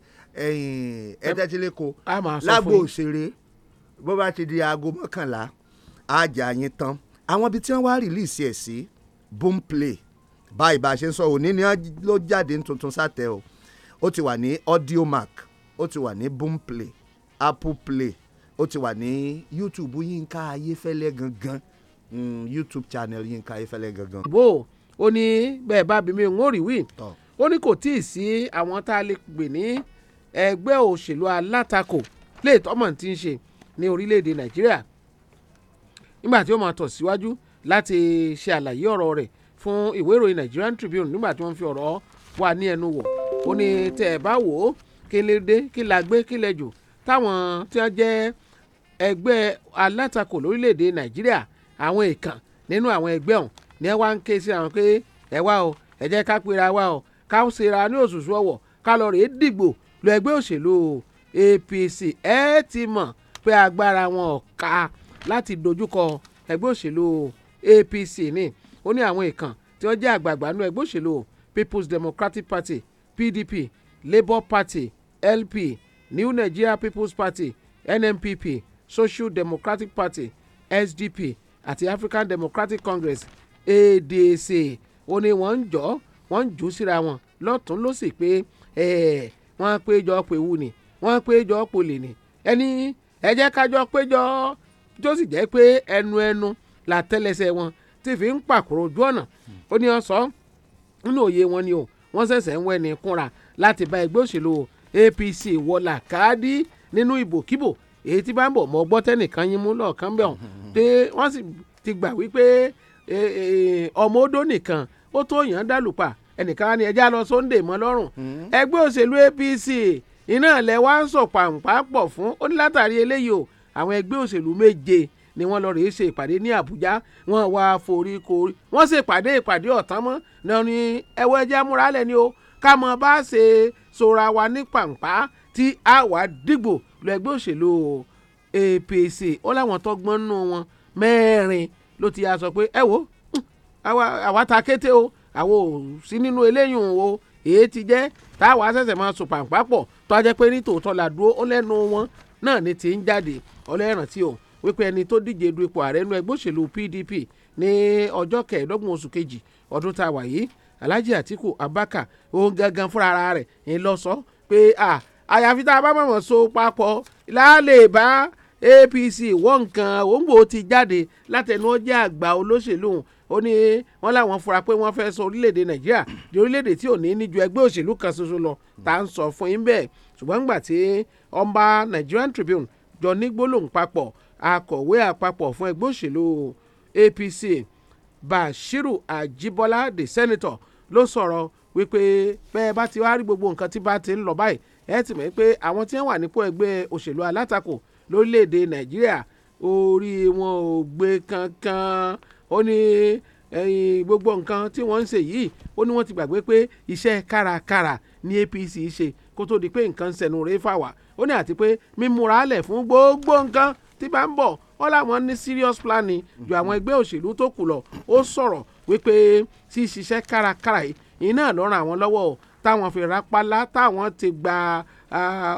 ẹyìn ẹdẹtílẹkọ lágbo òṣèré bó bá ti di aago mọ́kànlá àjà yín tán àwọn ibi tí wọ́n wá rìlíìsì ẹ̀ sí boom play báyìí bá a ṣe ń sọ òní ni ló jáde tuntun sátẹ o ó ti wà ní audiomack ó ti wà ní boom play apple play ó ti wà ní youtube yínká ayéfẹ́lẹ́ gangan Mm, YouTube channel Yínká Ayéfẹ́lẹ́ gangan. bó o ní bẹ́ẹ̀ bá bí mi ń rí wí ó ní kò tí ì sí àwọn tá a lè pè ní ẹgbẹ́ òṣèlú alátakò lè tọ́mọ̀ tí ń ṣe ní orílẹ̀-èdè Nàìjíríà nígbà tí ó máa tọ̀ síwájú láti ṣe àlàyé ọ̀rọ̀ rẹ̀ fún ìwé ìròyìn Nigerian Tribune nígbà tí wọ́n fi ọ̀rọ̀ wà ní ẹnu wọ̀ ó ní tẹ̀ ẹ̀ bá wò ó kí lè dé kí la gbé kí lè jò táwọn tí wọ́n jẹ́ ẹgbẹ́ alátakò lórílẹ̀‐èdè Nàìjíríà àwọn èèkàn nínú àwọn ẹgbẹ́ ọ̀hún ni ẹ wá ń ké sí àwọn pé ẹ wá o ẹ jẹ́ ká pera wá o ká ń ṣera ní òṣùṣù ọwọ̀ ká lọ rèé dìgbò lọ ẹgbẹ́ òṣèlú APC ẹ ti mọ̀ pé agbára wọn ò ká láti dojúkọ ẹgbẹ́ òṣèlú APC ni ó ní àwọn èèkàn tí wọ́n jẹ́ àgbààgbà nínú ẹgbẹ́ òṣèlú People's Democratic Party PDP Labour Party LP New Nigeria People's Party NNPP Social Democratic Party SDP àti African Democratic Congress ADC ó ní wọ́n ń jọ́ wọ́n ń jù ú síra wọn lọ́tún ló sì pé wọ́n péjọ pèwú ni wọ́n péjọ pòlè ni ẹni ẹ jẹ́ kájọ péjọ tó sì jẹ́ pé ẹnu ẹnu làtẹ́lẹsẹ̀ wọn ti fi ń pàkúrò ojú ọ̀nà ó ní ọ̀sọ́ nínú òye wọn ni o wọ́n ṣẹ̀ṣẹ̀ ń wẹ́ni kúnra láti bá ẹgbẹ́ òṣèlú APC wọlà káàdì nínú ìbòkíbò èyí tí bá ń bọ̀ mọ́ gbọ́ tẹ́nìkan yín mú lọ́ọ̀kan bẹ̀ ọ̀hún pé wọ́n sì ti gbà wípé e, e, ọmọ odó nìkan ó tó yàn án dàlùpà ẹnìkan á ní ẹjá lọ sóńdè mọ́ lọ́rùn hmm. ẹgbẹ́ òṣèlú APC iná ilẹ̀ wa ń sọ pàǹpà pọ̀ fún ó ní látàrí eléyìí o àwọn ẹgbẹ́ òṣèlú méje ni wọ́n lọ rèé ṣe ìpàdé ní Àbújá wọ́n wá forí korí wọ́n ṣe ìpàdé ìpàdé ọ̀tán mọ́ náà ni ẹwọ́ ẹjẹ́ múralẹ̀ ni o ká mọ bá ṣe sora wa ní pàǹpà tí a wà dìgbò lọ ẹgbẹ́ òṣèlú APC ó láwọn tọ́gbọ́n nù wọn mẹ́rin ló ti yà sọ pé ẹ wo àwa ta kété o àwo sí nínú eléyìí o èyí ti jẹ́ táwa ṣẹ̀ṣẹ̀ máa sùn pàǹpàpọ̀ tó a jẹ́ pé ní tòótọ́ la dúró ó lẹ́nu wọn náà ni ti ń jáde ọlẹ́rántí o wípé ẹni tó díje du ipò ààrẹ nínú ẹgbẹ́ òṣèlú PDP ní ọjọ́ kẹẹ̀ẹ́dọ́gbọ̀n oṣù kejì ọdún tá a wà yìí Alhaji Atiku abaka. òun gangan fúnra rẹ̀ ń lọ sọ pé àyàfi tá a bá mọ̀mọ́ so papọ̀ láàlè bá APC wọ́n nǹkan òǹgbò ti jáde látẹnu ọjà àgbà olóṣèlú ó ní wọ́n láwọn fura pé wọ́n fẹ́ sọ orílẹ̀-èdè Nàìjíríà di orílẹ̀-èdè tí ò ní ní ju ẹgbẹ́ òṣèlú kan ṣoṣo lọ tá à ń sọ fún yín bẹ́ẹ̀ ṣùgbọ́n nígbà tí ọba Nigerian Tribune jọ ní gbólóhùn papọ̀ akọ̀wé àpapọ̀ fún ẹgbẹ́ òṣèlú APC Bashiru Ajibola the senator ló sọ̀rọ̀ wípé bẹ́ẹ̀ bá ti wá rí gbogbo nǹkan tí bá ti ń lọ báyìí ẹ ti mọ̀ pé àwọn tí wọ́n wà nípò ẹgbẹ́ òṣèlú alátakò lórílẹ̀‐èdè nàìjíríà orí wọn ò gbé kankan ó ní gbogbo nǹkan tí wọ́n ń ṣe yìí ó ní wọ́n ti gbàgbé pé iṣẹ́ kárakára ní APC ṣe kó tó di pé nǹkan sẹ̀nù rẹ̀ fà wá ó ní àti pé mímúra lẹ̀ fún gbogbo nǹkan tí bá ń bọ̀ ó láwọn ní serious planning ju àwọn ẹgbẹ́ òṣèlú tó kù lọ ó sọ̀rọ̀ wípé ṣíṣiṣẹ́ kárakára yìí iná lọ́rùn àwọn lọ́wọ́ táwọn fi rápálá táwọn ti gba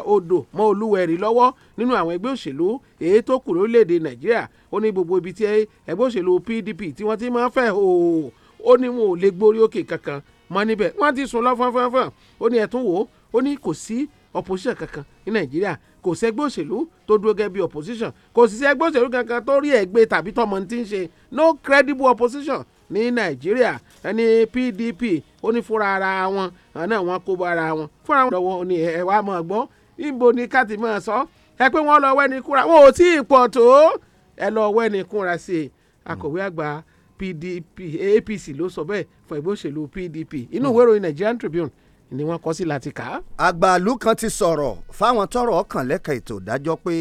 odò mọ́ olúwẹ̀rí lọ́wọ́ nínú àwọn ẹgbẹ́ òṣèlú èyí tó kù lórílẹ̀‐èdè nàìjíríà ó ní gbogbo ibi tí ẹgbẹ́ òṣèlú pdp tí wọ́n ti máa ń fẹ́ o ó ní wọn ò lè gborí òkè kankan mọ́ níbẹ̀ wọ́n ti sùn lọ ó ní ẹ̀tún wò ó ní kò sí opposition kankan ní nàìjíríà kò sẹ́gbẹ́ òṣèlú tó dúró gẹ́gẹ́ bí opposition kò sì sẹ́gbẹ́ òṣèlú kankan tó rí ẹ̀gbẹ́ tàbí tọmọ ti ń ṣe no credible opposition ní nàìjíríà ẹni pdp ó ní fúnra ara wọn àwọn náà wọn kó bọ ara wọn fúnra wọn lọ́wọ́ ni ẹ wá mọ̀ gbọ́ ibo ni ká ti mọ̀ sọ ẹ pé wọ́n lọ wẹ́ni kúra wọn ò tí ì pọ̀ tó ẹ lọ wẹ́ni kúra sí i akọ̀wé àgbà pdp apc ló sọ bẹ́ẹ̀ fún ẹgbẹ́ òṣèlú pdp inú ìwé ìròyìn nigerian tribune ni wọ́n kọ sí láti kà á. àgbàlú kan ti sọ̀rọ̀ fáwọn tọ́rọ̀ ọkàn lẹ́ka ètò ìdájọ́ pé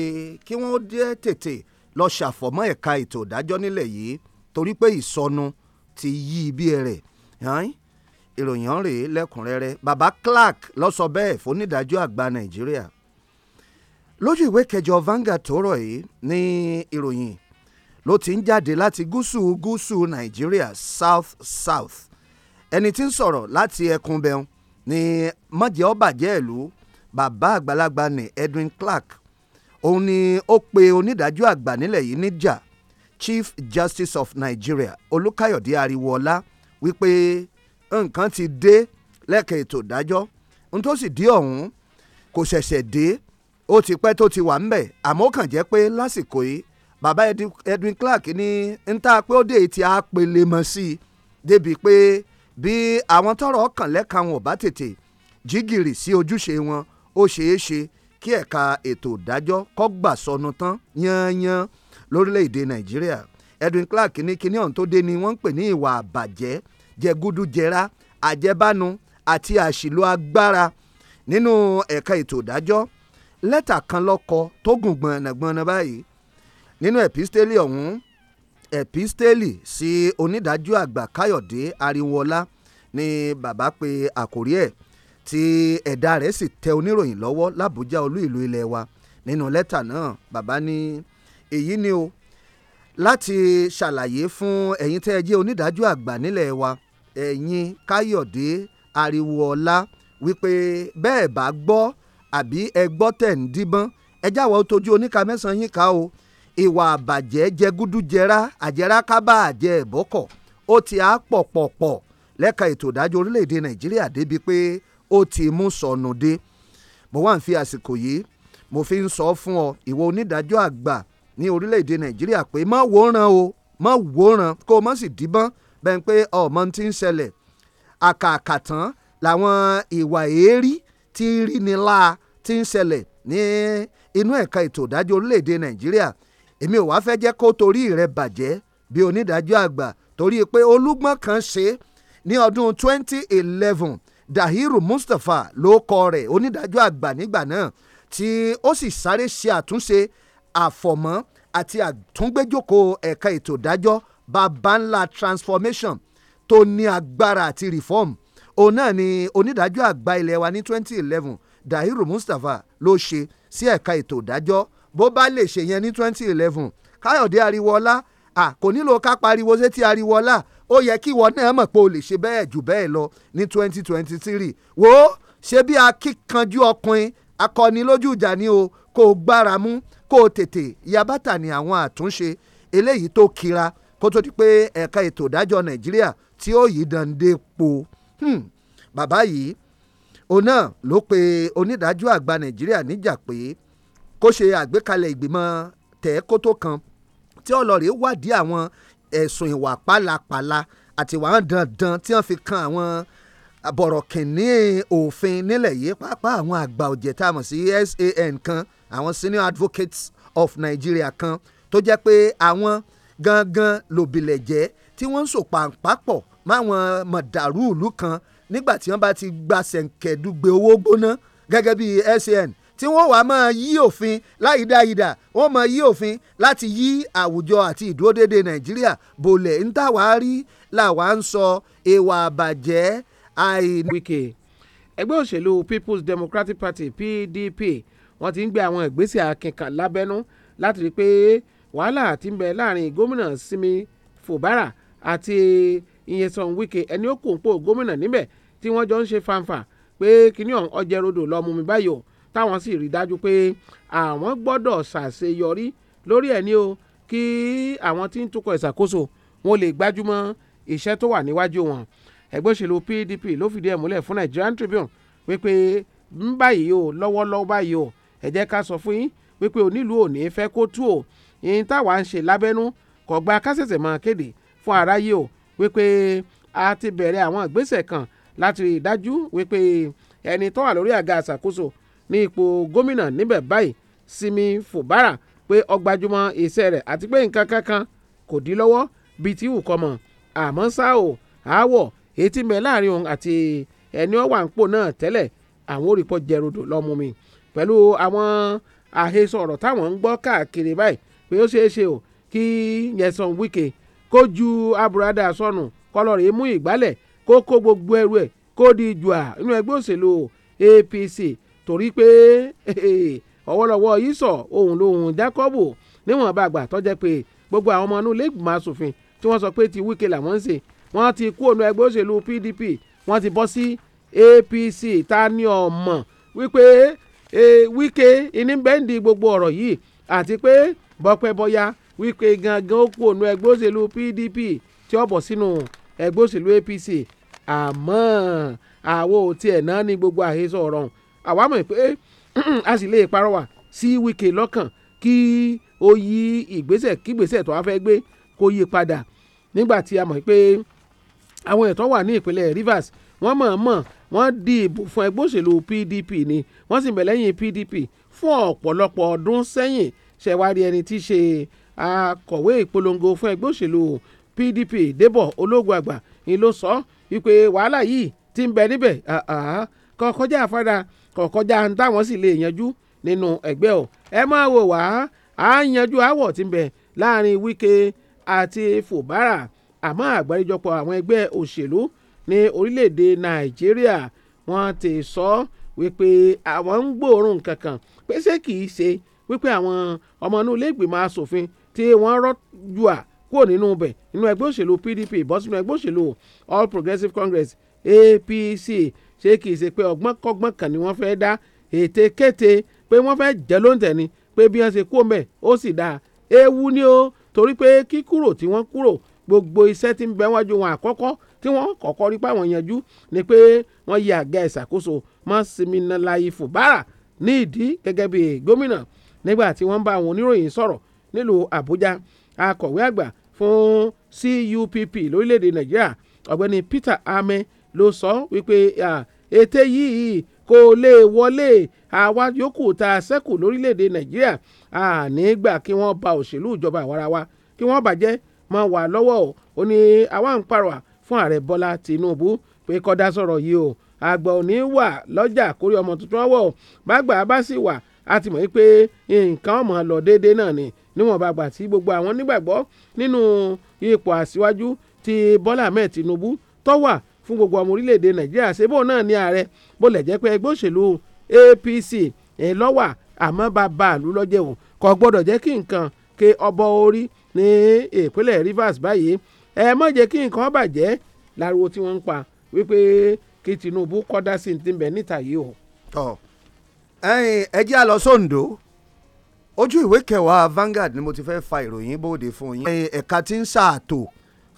kí wọ́n dé tètè lọ ṣàfọ̀mọ́ ẹ̀ka ètò ìdájọ́ nílẹ̀ yìí torí pé ìsọnù láti yí ibi rẹ̀ ìròyìn rèé lẹ́kùnrẹ́rẹ́ baba Clark ló sọ bẹ́ẹ̀ fónídàájọ́ àgbà Nàìjíríà lójú ìwé kẹjọ Vanguard tó rọ̀ yìí ní ìròyìn ló ti ń jáde láti gúúsù gúúsù Nàìjíríà South South ẹni tí ń sọ̀rọ̀ láti ẹkùn bẹun ní mọ̀jẹ̀ ọ̀bàjẹ́ ìlú bàbá àgbàlagbà ní Edwin Clark òun ni ó pe onídàájọ́ àgbà nílẹ̀ yìí níjà Chief Justice of Nigeria Olúkáyọ̀dé Ariwoola wípé nǹkan ti dé lẹ́ka ètò ìdájọ́ n tó sì dé ọ̀hún kò ṣẹ̀ṣẹ̀ dé ó ti pẹ́ tó ti wà ń bẹ̀ àmọ́ ó kàn jẹ́ pé lásìkò yìí bàbá Edwin Clark ní n ta pé ó dé ti apele mọ́ sí i débìí pé bí àwọn tọrọ kàn lẹ́ka wọn ò bá tètè jígìrì sí ojúṣe wọn ó ṣeé ṣe kí ẹ̀ka ètò ìdájọ́ kó gbà sọnù tán yányán lórílẹ̀‐èdè nàìjíríà edwin clark ní kinní ọ̀hún tó dé ni wọ́n ń pè ní ìwà àbàjẹ́ jẹgúdújẹrá àjẹbánu àti àṣìlò agbára nínú ẹ̀ka ètò ìdájọ́ lẹ́tà kan lọ́kọ tó gùn gbọ̀nàgbọ̀nà báyìí nínú ẹ̀písítélì ọ̀hún ẹ̀písítélì sí onídàájọ́ àgbà káyọ̀dé ariwọlá ni bàbá pe àkórí ẹ̀ tí ẹ̀dá rẹ̀ sì tẹ oníròyìn lọ́wọ́ làbújá olú ìlú ilẹ̀ wa nínú lẹ́tà náà bàbá ní èyí ni o láti ṣàlàyé fún ẹ̀yin tẹ́ ẹ jẹ́ onídàájọ́ àgbà nílẹ̀ wa ẹ̀yin káyọ̀dé ariwoọlá wípé bẹ́ẹ̀ bá gbọ́ àbí ẹ gbọ́ tẹ̀ ń díbọ́n ẹ jáwọ́ tójú oníka mẹ́sàn-án yín ká o ìwà àbàjẹ́ jẹgúdújẹrá àjẹrá kábà àjẹ ẹ̀bọ́kọ̀ ó ti á pọ̀pọ̀pọ̀ lẹ́ka ètò ìdájọ́ orílẹ̀-èdè nàìjíríà débi pé ó ti mú sọnù dé mo wá ń fi àsìkò yìí mo fi ń sọ fún ọ ìwọ onídàájọ́ àgbà ní orílẹ̀-èdè nàìjíríà pé má wòran o má wòran kó o má sì díbọ́n bẹ́ẹ̀ pé ọmọ ti ń ṣẹlẹ̀ àkàkàtàn làwọn ìwà èérí tí rí ni la ti ń ṣẹlẹ̀ ní inú ẹ̀ka ètò ìdájọ́ orílẹ̀-èdè nàìjíríà èmi ò wá fẹ́ jẹ́ kó torí rẹ̀ bàjẹ́ bí onídàájọ́ àgbà torí pé olúgbọ́n kan ṣe ní ọdún 2011 Dahiru Mustapha ló kọ rẹ̀ onídàájọ́ àgbà nígbà náà tí ó sì sáré ṣe àtúnṣe àfọ̀mọ́ àti àtúngbéjókòó ẹ̀ka ètò ìdájọ́ bàbá transformation tó ní agbára àti reform òun náà ni onídàájọ́ àgbà ilé wa ní 2011 Dahiru Mustapha ló ṣe sí ẹ̀ka ètò ìdájọ́ bó bá lè ṣe yẹn ní 2011 Káyọ̀dé Ariwọlá à kò nílò ká pariwo sétí Ariwọlá ó yẹ kí ìwọ náà mọ̀ pé o lè ṣe bẹ́ẹ̀ jù bẹ́ẹ̀ lọ ní 2023 wò ó ṣe bí akíkanjú ọkùnrin akọni lójú ìjà ni o kó o gbára mú kó o tètè yabata ni àwọn àtúnṣe eléyìí tó kira kó tó di pé ẹ̀ka ètò ìdájọ́ nàìjíríà tí ó yí dande po hmm. bàbá yìí òun náà ló pe onídàájọ́ àgbà nàìjíríà níjà pé kó ṣe àgbékalẹ̀ ìgbìmọ̀ tẹ̀ẹ́kótó kan tí ọlọ́rìí wádìí àwọn ẹ̀sùn ìwà pálapàla àti ìwà dandan tí wọ́n fi kan àwọn àbọ̀rọ̀kìnní òfin nílẹ̀ yìí pàápàá àwọn àgbà ọ̀jẹ̀ tá a mọ̀ sí SAN kan àwọn Senior Advocates of Nigeria kan tó jẹ́ pé àwọn gangan lòbìlẹ̀ jẹ́ tí wọ́n ń sòpàǹpàpọ̀ máwọn mọ̀dàrú ìlú kan nígbà tí wọ́n bá ti gba owó gbóná gẹ́gẹ́ bí SAN tí wọ́n wàá máa yí òfin láyìdáyìdá wọ́n máa yí òfin láti yí àwùjọ àti ìdúródédé Nàìjíríà bolẹ̀ ń tàwa làwa ń sọ ìwà àbàjẹ́ àìní Wike ẹgbẹ́ òṣèlú People's Democratic Party PDP wọ́n ti ń gbé àwọn ìgbésẹ̀ akínkan lábẹ́nú láti rí i pé wàhálà ti ń bẹ láàrin gómìnà Simi Fubara àti Nyesom Wike ẹni ó kò ń pò gómìnà níbẹ̀ tí wọ́n jọ ń ṣe fanfa pé kíní ọ̀hún ọjẹ́ rodò lọ mú mi báyìí o táwọn sì rí i dájú pé àwọn gbọ́dọ̀ ṣàṣeyọrí lórí ẹ̀ ní o kí àwọn tí ń tukọ̀ ìṣàkóso wọn lè gbájúmọ́ iṣẹ́ tó wà níwájú wọn ẹgbẹ́ òṣèlú PDP ló fìdí ẹ̀ múlẹ̀ fún Nigerian Tribune wípé ń báyìí o lọ́wọ́lọ́wọ́ báyìí o ẹ jẹ́ ká sọ fún yín wípé onílù ò ní fẹ́ kó tú o ìyìn táwa ń ṣe lábẹ́nú kò gba kásẹ̀sẹ̀ máa kéde fún aráyé o wípé a ti bẹ̀rẹ̀ àwọn ìgbésẹ̀ kan láti rí i dájú wípé ẹni tó wà lórí àga àṣàkóso ní ipò gómìnà níbẹ̀ báyìí Simi Fubara pé ọgbàjúmọ̀ iṣẹ́ rẹ̀ àti pé nǹkan kankan kò dí lọ́wọ́ bíi ti wù kọ́ mọ̀ àmọ́ ṣá o àáwọ̀ èyí tí ń bẹ láàrin òun àti ẹni ọ̀wà ń pò náà tẹ́lẹ̀ àwọn òrìpọ̀ jẹrodò lọ́mú mi pẹ̀lú àwọn àhesọ ọ̀rọ̀ táwọn ń gbọ́ káàkiri báyìí pé ó ṣeé ṣe o kí Nyesom Wike kó ju aburada sọnù kọlọ́rì mú ìgbálẹ̀ kó kó gbogbo ẹrù ẹ̀ kó di jùà inú ẹgbẹ́ òṣèlú APC torí pé ọwọ́lọ́wọ́ yìí sọ òun lòun Jákọ́bù níwọ̀nba àgbà tó jẹ́ pé gbogbo àwọn ọmọ inú ilé ìgbìmọ̀ asòfin tí wọ́n sọ pé ti Wike làwọn ń ṣe wọ́n ti kú ònú ẹgbẹ́ òṣèlú PDP wọ́n ti bọ́ sí APC ta ni ọmọ wípé e, Wike ìní bẹ́ǹdì gbogbo ọ̀rọ̀ yìí àti pé bọ́pẹ́ bọ́yá Wike gangan ó kú ònú ẹgbẹ́ òṣèlú PDP tí ó bọ̀ sínú ẹgbẹ́ òṣèlú APC àmọ́ àwo tiẹ̀ náà ní gbogbo àhesọ ọ̀rọ̀ ọ̀hún àwa mọ̀ pé a sì lè parọ́wà sí Wike lọ́kàn kí ó yí ìgbésẹ̀ kí ìgbésẹ̀ tó wá fẹ́ gbé kó yí padà nígbà a mọ̀ pé àwọn ètò wà ní ìpínlẹ̀ Rivers wọ́n mọ̀ọ́mọ̀ wọ́n dìbò fún ẹgbẹ́ òṣèlú PDP ni wọ́n sì mẹ́lẹ́yìn PDP fún ọ̀pọ̀lọpọ̀ ọdún sẹ́yìn ṣẹ̀wárí ẹni tí í ṣe akọ̀wé ìpolongo fún ẹgbẹ́ òṣèlú PDP Débọ̀ Ológun Àgbà ni ló sọ wípé wàhálà yìí ti ń bẹ níbẹ̀ kọ̀ọ̀kọ́jà àfárá kọ̀ọ̀kọ́jà ń táwọn sì lè yanjú nínú ẹgbẹ́ ọ̀ ẹ máa wò wá á yanjú àwọ̀ ti ń bẹ láàrin Wike àti Fubara àmọ́ àgbáríjọpọ̀ àwọn ẹgbẹ́ òṣèlú ní orílẹ̀-èdè nàìjíríà wọ́n ti sọ wípé àwọn ń gbòòrùn kankan pé ṣé kìí ṣe wípé àwọn ọmọ inú ilé ìgbìmọ̀ asòfin tí wọ́n rọ́jú à kúrò nínú ibẹ̀ nínú ẹgbẹ́ òṣèlú PDP bọ́ sínú ẹgbẹ́ òṣèlú All Progressives Congress APC ṣé kìí ṣe pé ọgbọ́n kọ́gbọ́n kan ni wọ́n fẹ́ dá ète kété pé wọ́n fẹ́ jẹ́ lóńtẹ̀ ni pé bí wọ́n ṣe kú ọmọ ẹ̀ ó sì dáa ewu ni ó torí pé kíkúrò tí wọ́n kúrò gbogbo iṣẹ́ tí ń bẹ wájú wọn àkọ́kọ́ tí wọ́n kọ́kọ́ rí pa wọ́n yanjú ni pé wọ́n yí àga ìṣàkóso mọ́símínàláyé fòbára ní ìdí gẹ́gẹ́ bí gómìnà nígbà tí wọ́n bá àwọn oníròyìn sọ̀rọ̀ nílùú àbújá akọ̀wé àgbà fún cupp lórílẹ̀‐èdè nàìjíríà ọ̀gbẹ́ni peter ame ló sọ wípé ète yìí kò lè wọlé àwa yòókù tá a ṣẹ́kù lórílẹ̀‐èdè nàìjíríà àní gbà kí wọ́n ba òṣèlú ìjọba àwarawa kí wọ́n bàjẹ́ máa wà lọ́wọ́ o ó ní àwa ń pàrọwà fún ààrẹ bọ́lá tìǹbù pé kọ́dá sọ̀rọ̀ yìí o àgbà ò ní wà lọ́jà kórí ọmọ tuntun ọwọ́ o bàgbà bá sì wà a ti mọ̀ pé nǹkan ọmọ lọ déédéé náà ni níwọ̀n bá gbà tí gbogbo àwọn nígbàgbọ́ nínú ipò àṣíwájú ti bọ́lá ahmed tinubu tó wà fún gbogbo ọmọ orílẹ̀-èdè nàìjíríà ṣebó náà ní ààrẹ bó lẹ̀ jẹ́ pé ẹgbẹ́ òṣèlú apc lọ́wà àmọ́ bàbá àlú lọ́jẹ̀ o kò gbọ́dọ̀ jẹ́ kí nǹkan ke ọbọ̀ orí ní ìpínlẹ̀ Rivers báyìí ẹ má jẹ́ kí nǹkan bàjẹ́ láriwo tí wọ́n ń pa wípé kí Tinubu kọ́dá sí ti ń bẹ níta yìí o. tọ ẹ a lọ sóńdó ojú ìwé kẹwàá Vanguard ni mo ti fẹ́ fa ìròyìn bóde fún yín. ẹ̀ka tí ń ṣàtò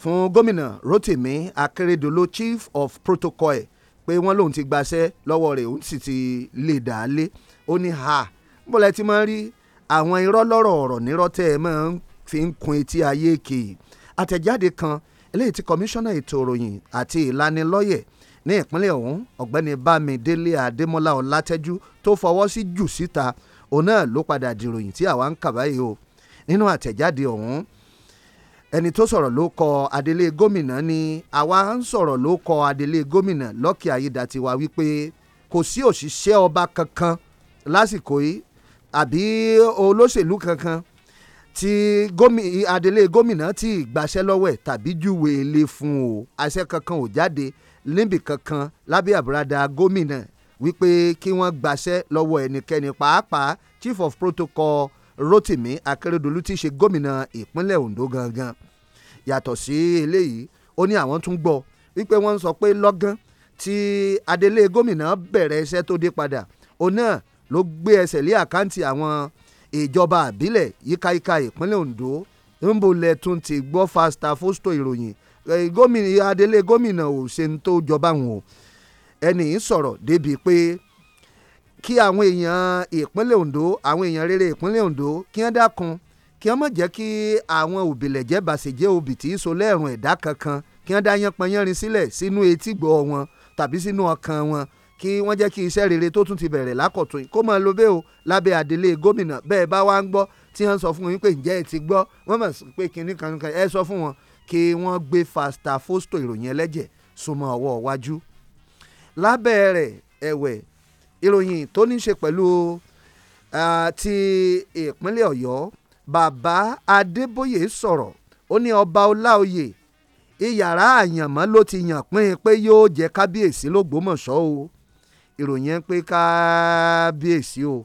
fún gómìnà Rotimi Akeredolu Chief of Protocol pé wọ́n lòun ti gbaṣẹ́ lọ́wọ́ rẹ̀ òun sì ti lè dà á lé ó ní ha bọ́lá ti máa ń rí àwọn irọ́ lọ́rọ̀ ọ̀rọ̀ nírọ́ tẹ́ ẹ máa ń fi ń kun etí ayé èkè àtẹ̀jáde kan eléyìí tí kọmíṣánná ètò ìròyìn àti ìlanilọ́yẹ̀ ní ìpínlẹ̀ ọ̀hún ọ̀gbẹ́ni bámidélé adémọ́lá ọlátẹ́jú tó fọwọ́ sí jù síta òun náà ló padà dìròyìn tí àwa ń kà báyìí o nínú àtẹ̀jáde ọ̀hún ẹni tó sọ̀rọ̀ ló kọ adelé gómìnà ni àwa ń sọ̀rọ̀ ló kọ adelé gómìnà lọ́kì ayédatiwa wípé kò sí òṣìṣẹ́ ọba kankan lásìkò yìí àbí olóṣèlú kankan tí adelé gómìnà ti gbàṣẹ́ lọ́wọ́ ẹ̀ tàbí júwe lé fún o àṣẹ kankan ò jáde níbì kankan lábẹ́ àbúradà gómìnà wípé kí wọ́n gbàṣẹ́ lọ́wọ́ ẹnikẹ́ni pàápàá chief of protocol Rotimi Akeredolu ti ṣe gómìnà ìpínlẹ̀ Ondo gangan yàtọ̀ sí eléyìí ó ní àwọn tún gbọ́ wípé wọ́n ń sọ pé lọ́gán tí adelé gómìnà bẹ̀rẹ̀ iṣẹ́ tó dé padà òun náà ló gbé ẹsẹ̀ lé àkáǹtì àwọn ìjọba àbílẹ̀ yíkáyíká ìpínlẹ̀ Ondo ńbo lẹ́tún ti gbọ́ fasta fosto ìròyìn gómìnà adelé gómìnà ò ṣe ń tó jọba wọn o ẹnì yìí sọ̀rọ̀ débìí pé kí àwọn èèyàn ìpínlẹ̀ Ondo àwọn èèyàn rere ìpínlẹ̀ Ondo kí wọ́n dákun kí wọ́n má jẹ́ kí àwọn òbílẹ̀jẹ́ bàṣẹ̀jẹ́ òbí tí í so lẹ́rùn ẹ̀dá kankan kí wọ́n dá yánpọnyánrin sílẹ̀ sínú etígbọ̀ wọn tàbí sínú ọkàn wọn kí wọ́n jẹ́ kí iṣẹ́ rere tó tún ti bẹ̀rẹ̀ lákọ̀tún kó máa lo bẹ́ẹ̀ o lábẹ́ àdélé gómìnà bẹ́ẹ̀ bá wá ń gbọ́ tí wọ́n sọ fún yín pé ǹjẹ́ ẹ ti gbọ́ wọ́n mọ̀ sí pé kinní kan ẹ sọ fún wọn kí wọ́n gbé fasta fosto ìròyìn ẹlẹ́jẹ̀ súnmọ́ ọwọ́ iwájú. lábẹ́ rẹ̀ ẹ̀wẹ̀ ìròyìn tó ní ṣe pẹ̀lú ti ìpínlẹ̀ ọ̀yọ́ bàbá adébóyè sọ̀rọ̀ ó ní ọba ọláòyè iyàrá àyànmọ́ ló ti yàn pín in pé yóò jẹ́ kábíyèsí lógbómọ̀ṣọ́ o ìròyìn yẹn pé kábíyèsí o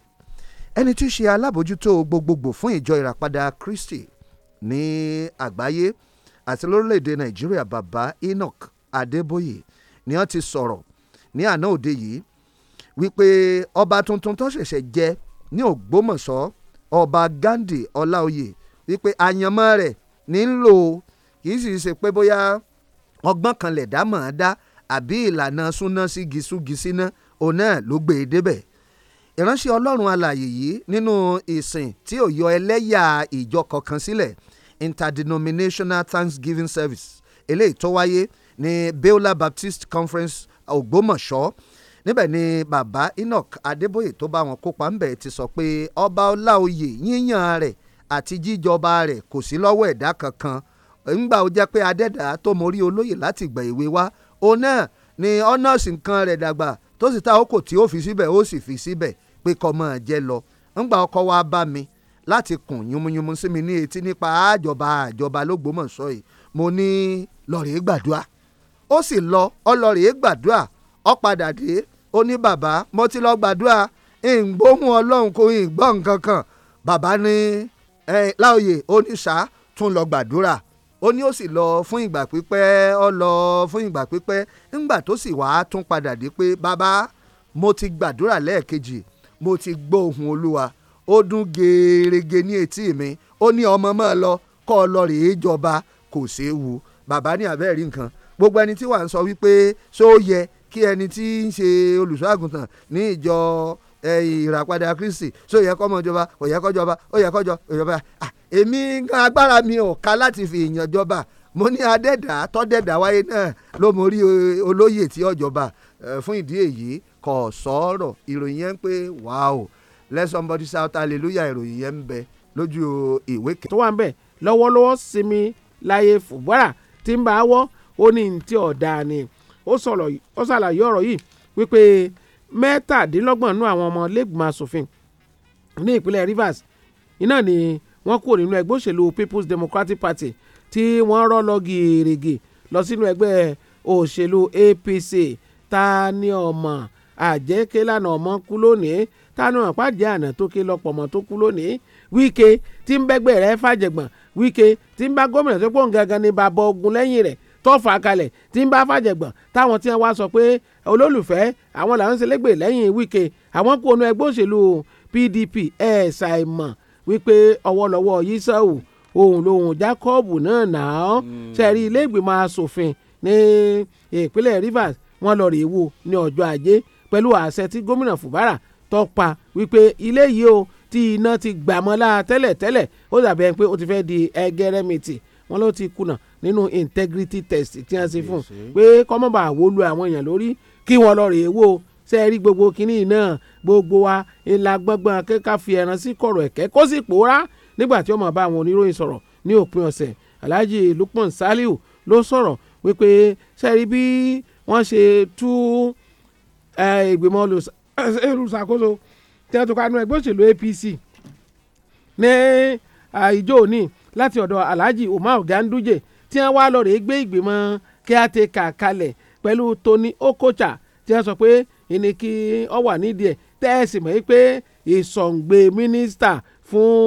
ẹni tí í ṣe alábòjútó gbogbogbò fún ìjọ ìràpadà Kristi ní àgbáyé àti lórílẹ̀‐èdè Nàìjíríà bàbá Enoch Adébóyè ni wọ́n ti sọ̀rọ̀ ní àná òde yìí wípé ọba tuntun tó ṣẹ̀ṣẹ̀ jẹ ní Ògbómọ̀ṣọ́ ọba Gandhi Ọláoyè wípé àyànmọ́ rẹ̀ ní ń lò ó kì í sì ṣe pé bóyá ọgbọ́n kan lẹ̀dá mọ̀ ọ́n dá àbí ìlànà súná sí gisúgisí náà òun náà ló gbé e débẹ̀ ìránṣẹ́ ọlọ́run alàyè yìí nínú ìsìn tí ò yọ ẹlẹ́yà ìjọ kankan sílẹ̀ interdenominational thanksgiving service eléyìí tó wáyé ní Beulah Baptist Conference Ògbómọ̀ṣọ́ níbẹ̀ ni bàbá Enoch Adébóyè tó bá wọn kópa ńbẹ̀ ti sọ pé ọba Ọláoyè yíyàn rẹ̀ àti jíjọba rẹ̀ kò sí lọ́wọ́ ẹ̀dá kankan ńgbà ó jẹ́ pé adẹ́dàá tó mórí olóyè láti gbà èwe wá òun náà ni ọ́nọ́ọ̀sì nǹkan rẹ̀ dàgbà tó sì ta okò tí ó fi síbẹ̀ ó sì fi síbẹ̀ pé kọ́ mọ́ ẹ jẹ́ lọ ńgbà ọkọ wa bá mi láti kùn yúnmúyúnmú sí mi ní etí nípa àjọba àjọba lógbómọ̀ṣọ́ yìí mo ní lọ́ọ̀rẹ́ gbàdúrà ó sì lọ ọlọ́ọ̀rẹ́ gbàdúrà ó padà dé ó ní bàbá mo ti lọ gbàdúrà ìgbóhùn ọlọ́run kò ìgbọ́ nǹkan bàbá ní láòyè oníṣà tún lọ gbàdúrà ó ní ó sì lọ fún ìgbà pípẹ́ ó lọ fún ìgbà pípẹ́ ńgbà tó sì wàá tún padà dé pé bàbá mo ti gbàdúrà lẹ́ẹ̀kejì mo ti gbọ́ ohùn olúwa ó dún gèrègè ní etí mi ó ní ọmọ mọ́ ẹ lọ kọ́ ọ lọ rèé jọba kò ṣeé wu bàbá ní abẹ́rẹ́ rí nǹkan gbogbo ẹni tí wàá sọ wípé ṣó yẹ kí ẹni tí ń ṣe olùṣọ́ ní ìjọ ìràpadà kristi so yẹ kọ́mọ ìjọba kò yẹ kọ́jọba ó yẹ kọ́jọ ìjọba ah, èmi gan agbára mi ò ká láti fi èèyàn jọba mo ní adẹ́dà tọ́dẹ́dà wáyé náà ló mo rí olóyè tí ọ̀jọba fún ìdí èyí kò sọ̀rọ̀ ìròyìn yẹn ń pé wàá o let somebody shout hallelujah ìròyìn yẹn ń bẹ lójú ìwé kẹ. tó wà ń bẹ̀ lọ́wọ́lọ́wọ́ sinmi láyé fùbọ́rà tí ń bá a wọ́ ó ní ní tí ọ̀dà ni ó ṣàlàyé ọ̀rọ̀ yìí wípé mẹ́tàdínlọ́gbọ̀n nú àwọn ọmọ lẹ́gbìmọ̀ asòfin ní ìpínlẹ̀ Rivers iná ni wọ́n kúrò nínú ẹgbẹ́ òṣèlú People's Democratic Party tí wọ́n rọ́ lọ gìrìgì lọ sínú ẹgbẹ́ òṣèlú APC ta ni ọmọ àjẹkẹ́ lànà ọmọ kú lónìí tánú àpàdé àná tó ké lọ́pọ̀ ọmọ tó kú lónìí Wike tí ń bẹ́gbẹ́ rẹ̀ fàjẹ̀gbọ̀n Wike tí ń bá gómìnà tó pọ̀ gangan ní bàbá ogun lẹ́yìn rẹ̀ tọ́fà kalẹ̀ tí ń bá fàjẹ̀gbọ̀n táwọn tí wọ́n wá sọ pé olólùfẹ́ àwọn làwọn ṣẹlẹ́gbẹ̀ lẹ́yìn wíkẹ́ àwọn kò nu ẹgbẹ́ òṣèlú PDP ẹ̀ ṣàìmọ̀ wípé ọwọ́lọ́wọ́ yìí sẹ́wù òun lòun Jacob náà nà án sẹ́rí hmm. ilé ìgbìmọ̀ asòfin ní ìpínlẹ̀ Rivers wọ́n lọ rèé wò ní ọjọ́ ajé pẹ̀lú àṣẹ tí gómìnà Fubara tó pa wípé ilé yìí o tí iná ti gbàmọ́lá tẹ́lẹ̀tẹ́lẹ̀ ó dàbí ẹni pé ó ti fẹ́ di ẹgẹrẹmìtì wọn ló ti kùnà nínú integrity test tí wọ́n ṣe fún un pé kọ́mọ́bà wo lu àwọn èèyàn lórí kí wọ́n lọ rèé wò ṣe rí gbogbo kínní náà gbogbo wa ìlà gbọ́ngbọ́n akẹ́kà fi ẹran sí kọ̀rọ̀ ẹ̀kẹ́ kó sì pòórá nígbà tí ó máa bá àwọn oníròyìn sọ̀rọ̀ ní òpin ọ̀sẹ̀ Alhaji Lukman Saliu ló sọ̀rọ̀ wípé ṣe rí bí wọ́n ṣe tú ìgbìmọ̀ olùṣàkóso tí wọ́n tún kánú ẹgbẹ́ òṣèlú APC ní ìjọ òní láti ọ̀dọ̀ Alhaji Umar Ganduje tí wọ́n wá lọ rèé gbé ìgbìmọ̀ kí a ti kà kalẹ̀ pẹ̀lú Tony Okocha tí wọ́n sọ pé ìní kí ọ wà nídìí ẹ̀ tẹ́ẹ̀sì mọ̀ pé ìsọ̀ǹgbẹ mínísítà fún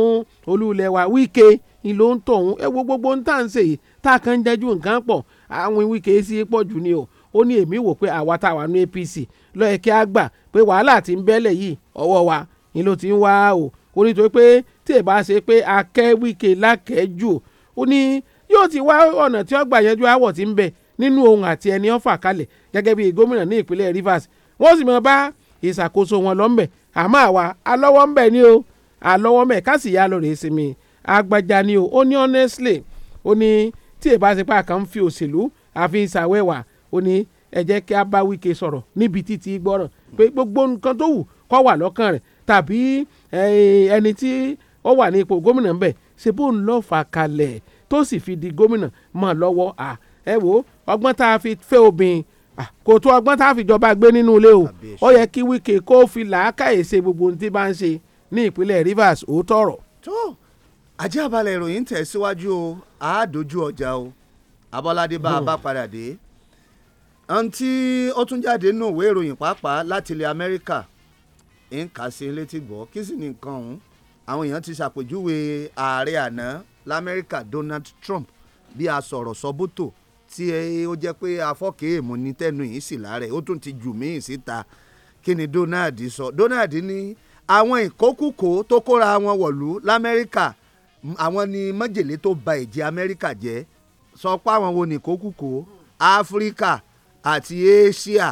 olúlẹ̀ wa Wike ni ló ń tọ̀hún ẹ wo gbogbo ń tà ń ṣèyí tá a kan ń jẹ́jú nǹkan pọ̀ àwọn Wike sí pọ̀ jù ni o ó ní èmi wò pé àwa tá a wà ní APC lọ́yẹ̀ kí a gbà pé wàhálà ti ń bẹ́lẹ̀ yìí ọwọ́ wa ni ló ti ń wá o ó pé tí ẹ bá ṣe pé akẹ́ Wike lákẹ́jù ó ní yóò ti wá ọ̀nà tí ó gbà yanjú àwọ̀ tí ń bẹ nínú ohun àti ẹni ó fà kalẹ̀ gẹ́gẹ́ bí gómìnà ní ìpínlẹ̀ Rivers wọ́n sì máa bá ìṣàkóso wọn lọ́nbẹ̀ àmọ́ àwa alọ́wọ́ ń bẹ̀ ni o alọ́wọ́ mẹ́ ká sì yá lọ agbájá ni o ó ní honestly ó ní tí èbá ṣe pé àkàn ń fi òṣèlú àfi ìṣàwẹ́wà ó ní ẹ jẹ́ kí a bá Wike sọ̀rọ̀ níbi títí gbọ́ràn pé gbogbo nǹkan tó wù kó wà lọ́kàn rẹ̀ tàbí ẹni tí ó wà ní ipò gómìnà ńbẹ ṣe bó ń lọ fà kalẹ̀ tó sì fi di gómìnà mọ́ lọ́wọ́ à ẹ wo ọgbọ́n tá a fi fẹ́ obìnrin kò tó ọgbọ́n tá a fi jọba gbé nínú ilé o ó yẹ kí Wike kó fi làákàyè ṣe gbogbo ohun tí bá ń ṣe ní ìpínlẹ̀ Rivers ó tọrọ. tó ajá balẹ̀ ìròyìn tẹ̀síwájú o àádójú ọjà o Abọ́ládé bá a bá hmm. padà dé àǹtí ó tún jáde nínú ìwé ìròyìn pàápàá láti ilẹ̀ Amẹ́ríkà ń kà sí létí gbọ́ kí sì ni nǹkan ọ̀hún àwọn èèyàn ti ṣàpèjúwe ààrẹ àná lamẹ́ríkà Donald Trump bí a sọ̀rọ̀ sọ́bùtò tí ó jẹ́ pé afọ́kẹ́ èèmù ní tẹ́nu yìí sì láàrẹ̀ ó tún ti jù míì síta kí ni Donald sọ Donald ní àwọn ìkókùkò tó kóra wọn wọ̀lú lamẹ́ríkà àwọn ni májèlé tó ba ìjẹ́ amẹ́ríkà jẹ́ sọ pé àwọn wo ni ìkókùkò Áfíríkà àti Éṣíà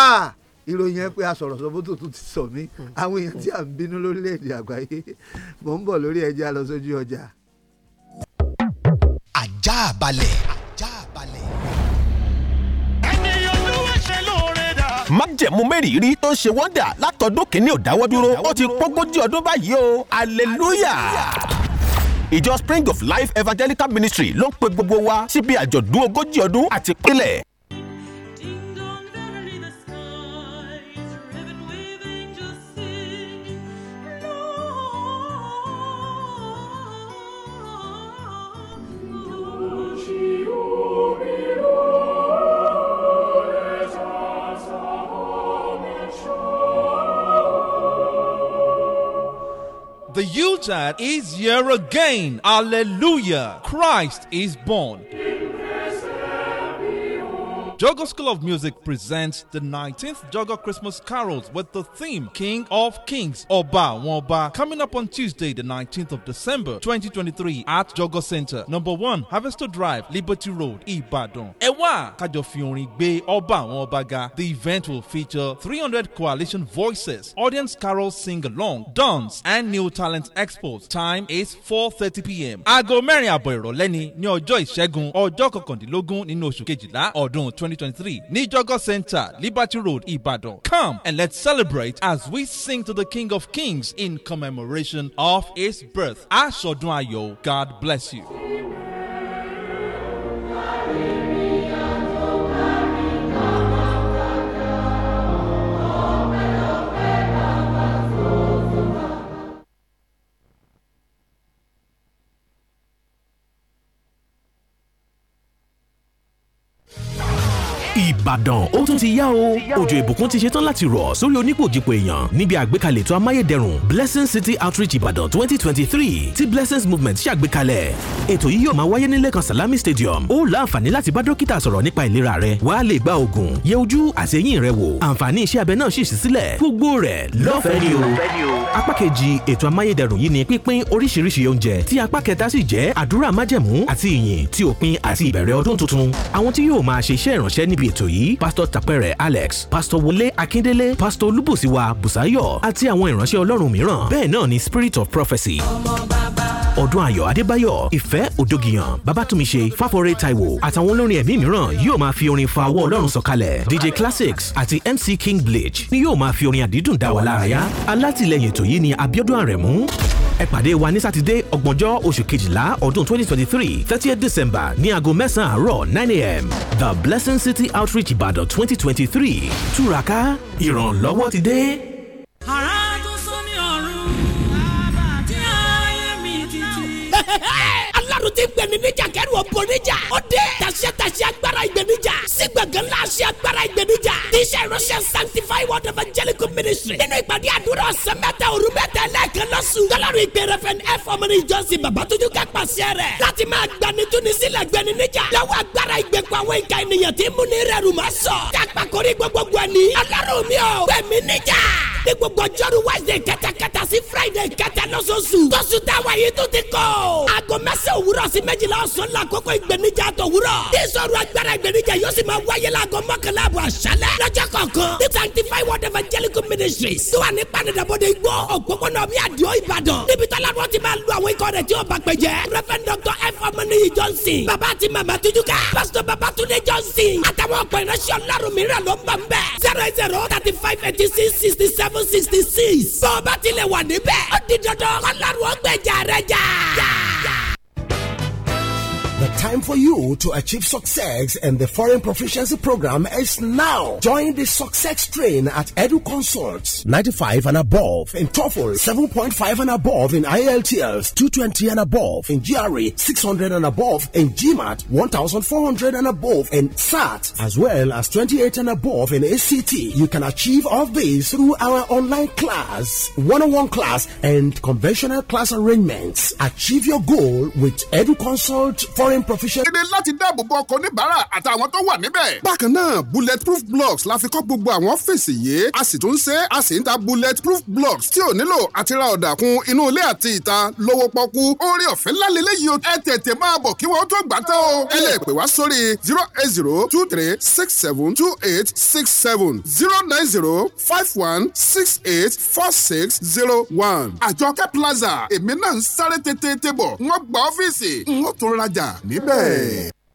ah ìròyìn ẹ pé asọ̀rọ̀ sọ bótó tún ti sọ mí àwọn èèyàn tí à ń bínú lórílẹ̀‐èdè àgbáyé mò ń bọ̀ lórí ẹja lọ sójú ọjà. ajá balẹ̀. ajá balẹ̀. ẹni olúwa ṣe lóore dà. májẹ̀mú mẹ́rìírí tó ń ṣe wọ́ndà látọdún kìíní ò ó ti pógójì ọdún báyìí o hallelujah ìjọ spring of life evangelical ministry ló ń pe gbogbo wa síbi àjọ̀dún ogójì ọdún àti pínlẹ̀ Is here again. Hallelujah. Christ is born. Jogo School of Music presents the 19th Jogo Christmas Carols with the theme King of Kings, Oba Womba, coming up on Tuesday, the 19th of December 2023 at Jogo Center, number one, Harvester Drive, Liberty Road, Ibadan. Ewa Kajofiori Bay Oba Wombaga. The event will feature 300 coalition voices, audience carols sing along, dance, and new talent expos. Time is 4:30 p.m. Aago mẹ́rin àbọ̀ ìrọ̀lẹ́ ni ní ọjọ́ ìṣẹ́gun ọjọ́ kọkàndínlógún nínú oṣù kejìlá ọdún 2023. 2023, Nijogo Center, Liberty Road, Ibadan. Come and let's celebrate as we sing to the King of Kings in commemoration of his birth. Ashodun Ayo, God bless you. ìbàdàn ó tún ti yá o òjò ìbùkún ti ṣetán láti rọ̀ sórí onípòjìpò èèyàn níbi àgbékalẹ̀ ètò amáyédẹrùn blessing city outreach ìbàdàn twenty twenty three tí blessings movement ṣàgbékalẹ̀ ètò yìí yóò máa wáyé ní lẹ́kan salami stadium ó láǹfààní láti bá dókítà sọ̀rọ̀ nípa ìlera rẹ wàá lè gba oògùn yẹ ojú àti eyín rẹ wò àǹfààní iṣẹ́ abẹ náà sì sí sílẹ̀ gbogbo rẹ̀ lọ́fẹ̀ẹ́ ni o apá kejì ètò amáyédẹrùn yìí ni pínpín oríṣiríṣi oúnjẹ tí apá kẹta sì jẹ́ àdúrà májẹ̀mú àti ìyìn tí òpin àti ìbẹ̀rẹ̀ ọdún tuntun àwọn tí yóò máa ṣe iṣẹ́ ìrànṣẹ́ níbi ètò Àjàyí pásítọ̀ Tàpẹ́rẹ̀ Alex Pastor Wole, Akindele, Pastor Olúbùsíwà Busayo. àti àwọn ìránṣẹ́ Ọlọ́run mìíràn bẹ́ẹ̀ náà ni Spirit of Prophecy. ọmọ bàbá ọdún ayọ̀ adébáyọ̀ ìfẹ́ òdògìyàn babatunmise fáforé taiwo àtàwọn olórin ẹ̀mí mìíràn yóò máa fi orin fa ọwọ́ ọlọ́run sọ̀kalẹ̀ dj classics àti mc king bleach ni yóò máa fi orin àdídùn dá wa lárayá alátìlẹyìn ètò yìí ni abiodun arẹ̀mú ẹ pàdé wa ní sátidé ọgbọ̀njọ́ oṣù kejìlá ọdún 2023 30th december ní aago mẹ́sàn-án àárọ̀ 9am the blessing city outreach ìbàdàn 2023 túraká ìrànlọ́wọ́ ti dé. ọlọ́run ti gbẹ̀nìjà kẹ́rù ọ̀bọ̀nìjà ó dé tàṣẹ tàṣẹ agbára ìgbẹ̀nìjà sígbàgán láṣẹ agbára ìgbẹ̀nìjà tíṣẹ Russian sanctify word evangelical ministry nínú ìpàdé àdúrà ọ̀sẹ̀ mẹ́ta òru mẹ́ta ẹlẹ́ẹ̀kan lọ́sùn tọ́lọ́run ìpè rẹ̀fẹ̀n f ọmọnì jọ́sìn babatunjú ká pàṣẹ rẹ̀ láti máa gbanituni sílẹ̀ gbẹ̀nìjà lọ́wọ́ agbára ìgbẹ̀kọ̀ àwọn ìka ènìyàn tí múni rẹ̀ rù má sọ kápákórí gbogbogbò ẹni ọlọ́run mi ò gbẹ̀mí níjà ní gbogbo ọjọ́rú wednesday kẹtàkẹtà sí friday kẹtà lọ́sọ̀ọ̀sù tóṣù táwa yìí tó ti kọ́. aago mẹ́sàn-án òwúrọ̀ sí méjìlá ọ̀sán la kókó ìgbẹ́nijà tó wúrọ̀. tíṣọ̀rọ̀ agbára ìgbẹ́nijà yóò sì máa wáyé láago mọ́kànlá àbọ̀ àṣálẹ̀. lọ́jọ́ kọ̀ọ̀kan ní sanctify word evangelical ministries tó wà ní panadabode igbó òpópónà bí àdìo ìbàdàn. níbi tọ́lá wọn ti máa lu àwọn ikọ̀ rẹ̀ tí ó bá pẹ̀jẹ́. reverend dr f ọmọnìyí johnson bàbá àti màmá tujuka pastor babatunde johnson àtàwọn ọ̀pọ̀ ìránṣẹ́ ọlọ́run mìíràn ló ń bọ̀ ń zero zero thirty five eighty six sixty seven seven sixty six. bọ́ọ̀ bá tilẹ̀ wà níbẹ̀ ó di dandan kọ́ńtà ló ń gbẹ̀jà rẹ̀ jà. jà, jà. time for you to achieve success and the foreign proficiency program is now. Join the success train at Edu Consults 95 and above in TOEFL 7.5 and above in IELTS 220 and above in GRE 600 and above in GMAT 1400 and above in SAT as well as 28 and above in ACT. You can achieve all these through our online class, one-on-one class and conventional class arrangements. Achieve your goal with Edu Consult Foreign proficient. èdè láti dáàbò bo ọkọ̀ oníbàárà àtàwọn tó wà níbẹ̀. bákan náà bulletproof blocks la fi kọ́ gbogbo àwọn fèsì yìí a sì tún ṣe a sì ń ta bulletproof blocks tí ò nílò àti ra ọ̀dà kun inú ilé àti ìta lówó pọ́kú orí ọ̀fẹ́ lálẹ́lẹ́ yìí o ẹ tètè máa bọ̀ kí wọ́n tó gbà tán o. ẹ lè wá sórí zero eight zero two three six seven two eight six seven zero nine zero five one six eight four six zero one. àjọkẹ́ plaza èmi náà ń sáré tètè tèbọ̀ wọ́n gba ọ́fíìsì n tún rajà ní níbẹ̀.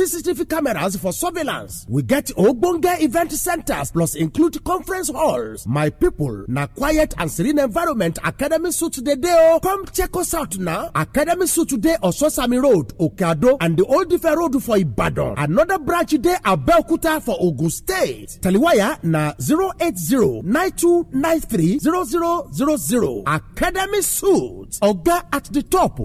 CCTV cameras for surveillance. We get Ogbonge event centers plus include conference halls. My people, na quiet and serene environment Academy Suit so today o. Come check us out now. Academy Suit so today Sosami Road, Okeado and the Old Ife Road for Ibadan. Another branch at Belkuta for Ogun State. Taliwaya na 08092930000. Academy Suit. Oga at the top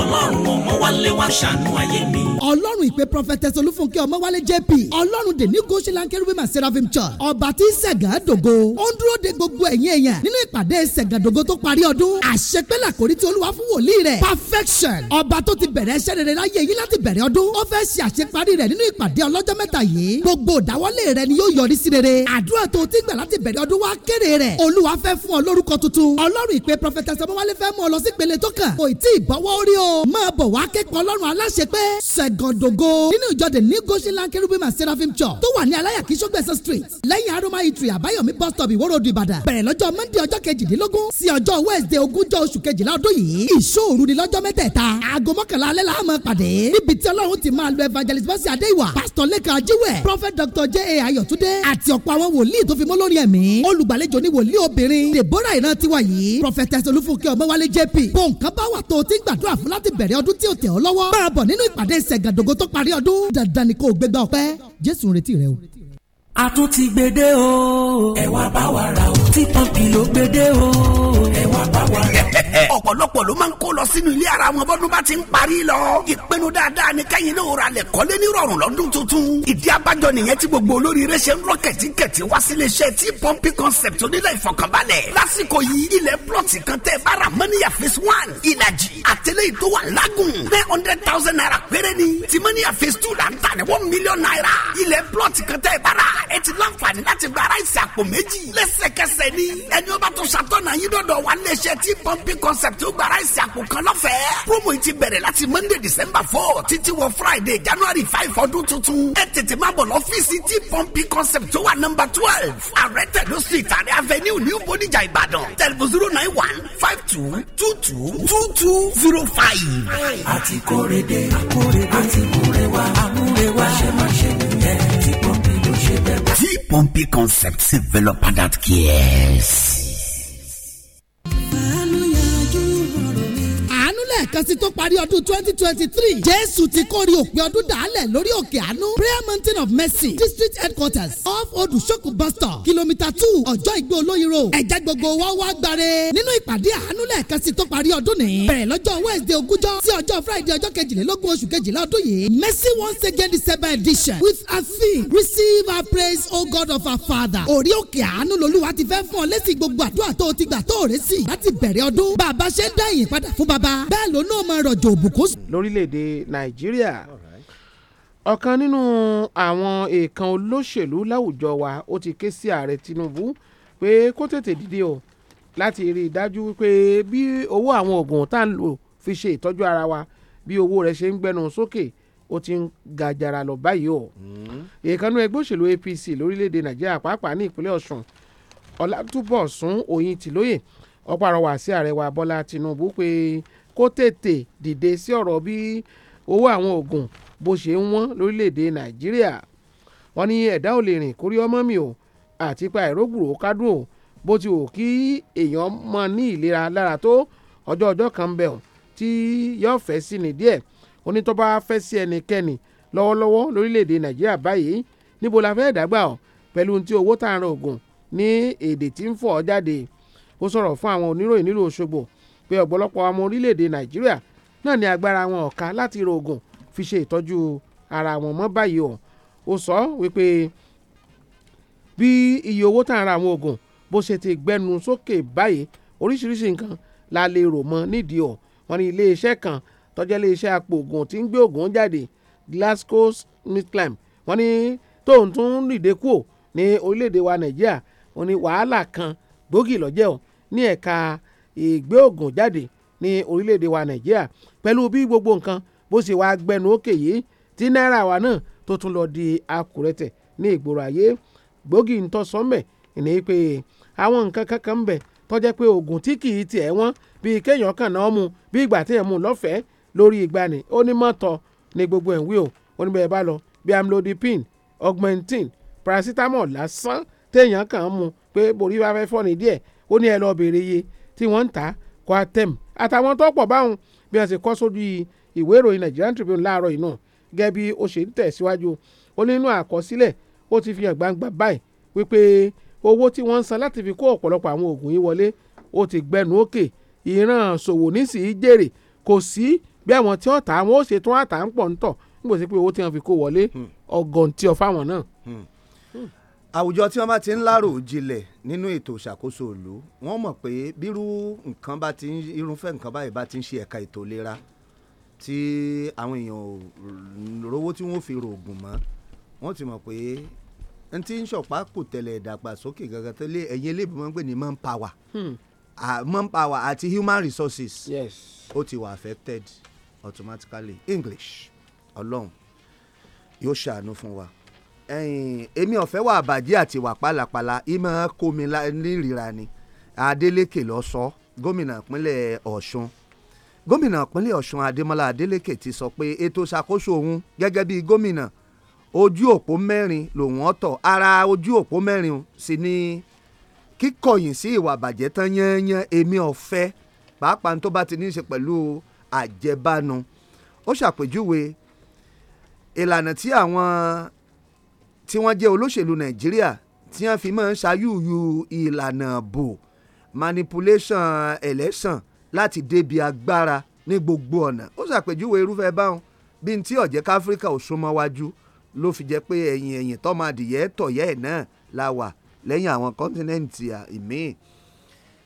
ọlọ́run ọmọ wálé wá ṣàánú ayé mi. ọlọ́run ìpè prọfẹtẹ solúfúnkẹ́ ọmọ wálé jp ọlọ́run dèní gosilan kérúbìmà seraphim church ọba tí sẹ̀gà ó ń dúró de gbogbo ẹ̀yìn èèyàn nínú ìpàdé sẹ̀gà tó parí ọdún àṣepẹ́lẹ̀ kò rí ti olúwa fún wòlíì rẹ̀ perfection ọba tó ti bẹ̀rẹ̀ ẹsẹ̀ rere láyé yìí láti bẹ̀rẹ̀ ọdún ó fẹ́ ṣe àṣeparí rẹ̀ nínú ìpàdé ọlọ́jọ́ mẹ́ta yìí gbogbo lọ́wọ́ orí o máa bọ̀ wá kẹ́kọ̀ọ́ ọlọ́run aláṣẹ pé sẹ̀gọ̀dọ̀gọ̀ nínú ìjọ the new goshen land kerubim and seraphim church tó wà ní aláyàkí sọ́gbẹ̀sẹ̀ street lẹ́yìn aroma itri àbáyọ̀mí bus stop ìwó road ìbàdàn bẹ̀rẹ̀ lọ́jọ́ monday ọjọ́ kejìdínlógún sí ọjọ́ wednesday ogúnjọ́ oṣù kejìlá ọdún yìí ìṣòru ni lọ́jọ́ mẹ́tẹ̀ẹ̀ta aago mọ́kànlá alẹ́ la máa pàdé níbi tí ọlọ́run ti máa lo evangelist bọ́sì adéwà pásítọ̀ lẹ́kan ajíwẹ̀ prophet dr j a ayọ̀túndé àti ọ̀pọ̀ àwọn wòlíì tó fi mọ́ lórí ẹ̀mí olùgbàlejò ni wòlíì obìnrin deborah ìran tiwa yìí prophetess olúfúnkẹ́ ọmọwálé jp bó nǹkan bá wà tó ti ń gbà gbàdúrà fún láti bẹ̀rẹ̀ ọdún tí ó tẹ̀ ọ́ lọ́wọ́ máa bọ̀ nínú ìpàdé ìṣẹ̀gàdógó tó parí ọdún dandan ni kò gbégbá ọpẹ́ Jésù ń retí rẹ o a tún ti gbede o. ẹ wá bá wa ra o. tí pọ́ǹpì ló gbede o. ẹ wá bá wa ra o ọ̀pọ̀lọpọ̀ ló máa ń kó lọ sínú ilé ara wọn bọ́dún bá ti ń parí lọ. ìpinnu dáadáa ni kẹ́yìn náà ra lẹ̀ kọ́lé ní rọrùn lọ́dún tuntun. ìdí abájọ nìyẹn tí gbogbo olóríire ṣe ń rọ wá sílé iṣẹ́ tí pọ́ǹpì concept onílẹ̀ ìfọkànbalẹ̀. lásìkò yìí ilẹ̀ plọ̀tì kan tẹ́ bára mọ́níyà phase one ìlàjì àtẹlẹ́ ìtò wà lágùn nine hundred thousand naira péré ni ti mọ́níyà concept ó gba ráìsì àpò kan lọ́fẹ̀ẹ́. promo yìí ti bẹ̀rẹ̀ láti monday december four títí wọ friday january five ọdún tuntun. ẹ tètè má bọ̀ lọ́fíìsì tí pọ́ǹpì concept tó wà nọ́mbà twelve àrẹ tẹ̀lé street àrẹ avenue new bodijà ìbàdàn tẹlifù zero nine one five two two two two two zero five. àti kórede àkórede àti múrewa àmúrewa ṣe má ṣe nìyẹn tí pọ́ǹpì ló ṣe bẹ́ẹ̀. tí pọ́ǹpì concept developer that cares. lẹ́ẹ̀kan sí tó parí ọdún twenty twenty three jésù ti kórè òpin ọdún dàálẹ̀ lórí òkè àánú prayer mountain of mercy district headquarters off odùsókù bus stop kìlómítà two ọjọ́ ìgbé olóyin road ẹ̀jẹ̀ gbogbo wa wá gbáre nínú ìpàdé àánú lẹ́ẹ̀kan sí tó parí ọdún nìyí bẹ̀rẹ̀ lọ́jọ́ wednesday ogúnjọ́ sí ọjọ́ friday ọjọ́ kejìlélógún oṣù kejìlá ọdún yìí mercy once again december edition with a theme receive our praise o god of our father orí òkè àánú lolúwa ti fẹ́ fún ọ lẹ́sìn gbogbo àdúrà tó o ti gbà tó o rẹ́ sí láti bẹ̀rẹ̀ ọdún bàbá ṣe ń dá ìyìn padà fún bàbá bẹ́ẹ̀ bẹ́ẹ̀ ló náà máa rọ̀jò òbùkún. lórílẹ̀‐èdè nàìjíríà ọ̀kan nínú àwọn èèkàn olóṣèlú láwùjọ wa ó ti ké sí ààrẹ tinubu pé kó tètè dìde o láti rí i dájú pé bí owó àwọn oògùn tá à ń lò fi ṣe ìtọ́jú ara wa bí owó rẹ̀ ṣe ń gbẹnu sókè ó ti ń ga jara lọ báyìí o. èèkànnú hmm. ẹgbẹ́ òṣèlú APC lórílẹ̀‐èdè nàìjíríà pàápàá ní ìpínlẹ̀ ọ̀ṣun ọ̀làtúbọ̀sún òyìn tìlóyè ọ̀pọ̀ àrọwà sí ààrẹ wa bọ́lá tinubu pé kó tètè dìde sí ọ̀rọ̀ bí owó àwọn oògùn bó ṣe ń wọ́n lórílẹ̀‐èdè nàìjíríà wọ́n ní ẹ̀dá ò lè rìn kórí ọmọ mi o àti pa ìrógùrò kádùn o bó ti wò kí èèyàn mọ ní ìlera lára tó ọjọ́ ọjọ́ kan bẹ̀ hàn tí yóò fẹ́ sí ni díẹ̀ onítọ́ba fẹ́ sí ẹnikẹ́ni lọ́wọ́lọ́wọ́ lórílẹ̀‐èdè nàìjíríà báyìí níbo la fẹ́ dàgbà o pẹ̀lú ti owó tààrà oògùn ní èdè tí ń fọ̀ jáde ó sọ̀rọ̀ fún àwọn oníròyìn nílùú òṣogbo pé ọ̀pọ̀lọpọ̀ ọmọ orílẹ̀-èdè nàìjíríà náà ní agbára wọn ọ̀ka láti ro fi ṣe ìtọ́jú ara wọn mọ́ báyìí o ó sọ wípé bí iye owó tá à ń ra àwọn oògùn bó ṣe ti gbẹnu sókè báyìí oríṣiríṣi nǹkan la lè rò mọ́ nídìí o wọ́n ní iléeṣẹ́ kan tọ́jẹ́ iléeṣẹ́ apò oògùn tí ń gbé oògùn jáde GlaxoSmithKline wọ́n ní tóun tún dìde kúò ní orílẹ̀-èdè wa nàìjíríà wọ́n ní wàhálà kan gbòógì lọ́jẹ́ o ní ẹ̀ka ìgbé òògùn jáde ní orílẹ̀-èdè wa nàìjíríà pẹ̀lú bí gbogbo nǹkan bó ṣe wàá gbẹnu òkè yìí tí náírà wa náà tó tún lọ di akùrẹ́tẹ̀ ní ìgboro ayé gbòógì ń tọ́ sọ́mẹ̀ ní pé àwọn nǹkan kankan ń bẹ tó jẹ́ pé oògùn tí kì í tiẹ̀ wọ́n bíi kéèyàn kàn náà mu bí ìgbà tí ẹ̀ mú lọ́fẹ̀ẹ́ lórí ìgbani ó ní mọ́tọ̀ ní gbogbo ẹ̀ ń wí o ó ní bẹ́ẹ̀ bá lọ bí amlodipine augmentin paracetamol lásán téèyàn kàn ń mu pé borí bá fẹ́ fọ́ ni díẹ̀ ó ní ẹ lọ béèrè iye tí wọ́n ń tà tem àtàwọn tó pọ̀ báwọn bí wọ́n ṣe kọ́ sójú ìwé ìròyìn Nigerian Tribune láàárọ̀ yìí náà gẹ́gẹ́ bí ó ṣe ń tẹ̀síwájú ó nínú àkọsílẹ̀ ó ti fi hàn gbangba báyìí wípé owó tí wọ́n ń san láti fi kó ọ̀pọ̀lọpọ̀ àwọn oògùn yìí wọlé ó ti gbẹnu òkè ìran ṣòwò nísìí jèrè kò sí bí àwọn tí wọ́n tà wọ́n ó ṣe tún àtà ń pọ̀ ń tọ̀ nígbà tí pé owó tí wọ́n fi kó wọlé hmm. ọgọ́ntì ọ̀fáwọn náà. Hmm àwùjọ tí wọ́n bá ti ń lárò jinlẹ̀ nínú ètò ìṣàkóso ìlú wọ́n mọ̀ pé bírú nǹkan bá ti ń irúfẹ́ nǹkan báyìí bá ti ń ṣe ẹ̀ka ètò ìlera tí àwọn èèyàn rówó tí wọ́n fi rògùn mọ́ wọ́n ti mọ̀ pé n ti ń ṣọ̀pá kò tẹ̀lé ìdàgbàsókè gangan tó lé ẹ̀yin eléèbó máa ń ní man power hmm. man power àti human resources yes. ó ti wà affected automatically English ọlọ́run yóò ṣàánú fún wa èmi ọ̀fẹ́ wà bàjẹ́ àti wà pálapàla ìmọ̀ kómi nírira ni Adeleke lọ sọ gómìnà ìpínlẹ̀ Ọ̀ṣun gómìnà ìpínlẹ̀ Ọ̀ṣun Adémọ́lá Adeleke ti sọ pé ètò ìṣàkóso òun gẹ́gẹ́ bíi gómìnà ojú òpó mẹ́rin lòun ọ̀tọ̀ ara ojú òpó mẹ́rin sì ni kíkọ̀yìn sí ìwà bàjẹ́ tán yányán èmi ọ̀fẹ́ pàápàá tó bá ti ní í ṣe pẹ̀lú àjẹbánu ó ṣàpèjúwe ìlànà tí àwọn tí wọ́n jẹ́ olóṣèlú nàìjíríà tí wọ́n fi máa ń ṣayúyú ìlànà bò manipulation election láti débi agbára ní gbogbo ọ̀nà ó ṣàpèjúwe irúfẹ́ báwọn bí n tí ọ̀jẹ̀ káfíríkà ò súnmọ́ wájú ló fi jẹ́ pé ẹ̀yìn ẹ̀yìn tọ́mọ adìyẹ tọ̀yẹ́ ẹ̀ náà la wà lẹ́yìn àwọn kọ́ńtínẹ́ǹtì ìmíì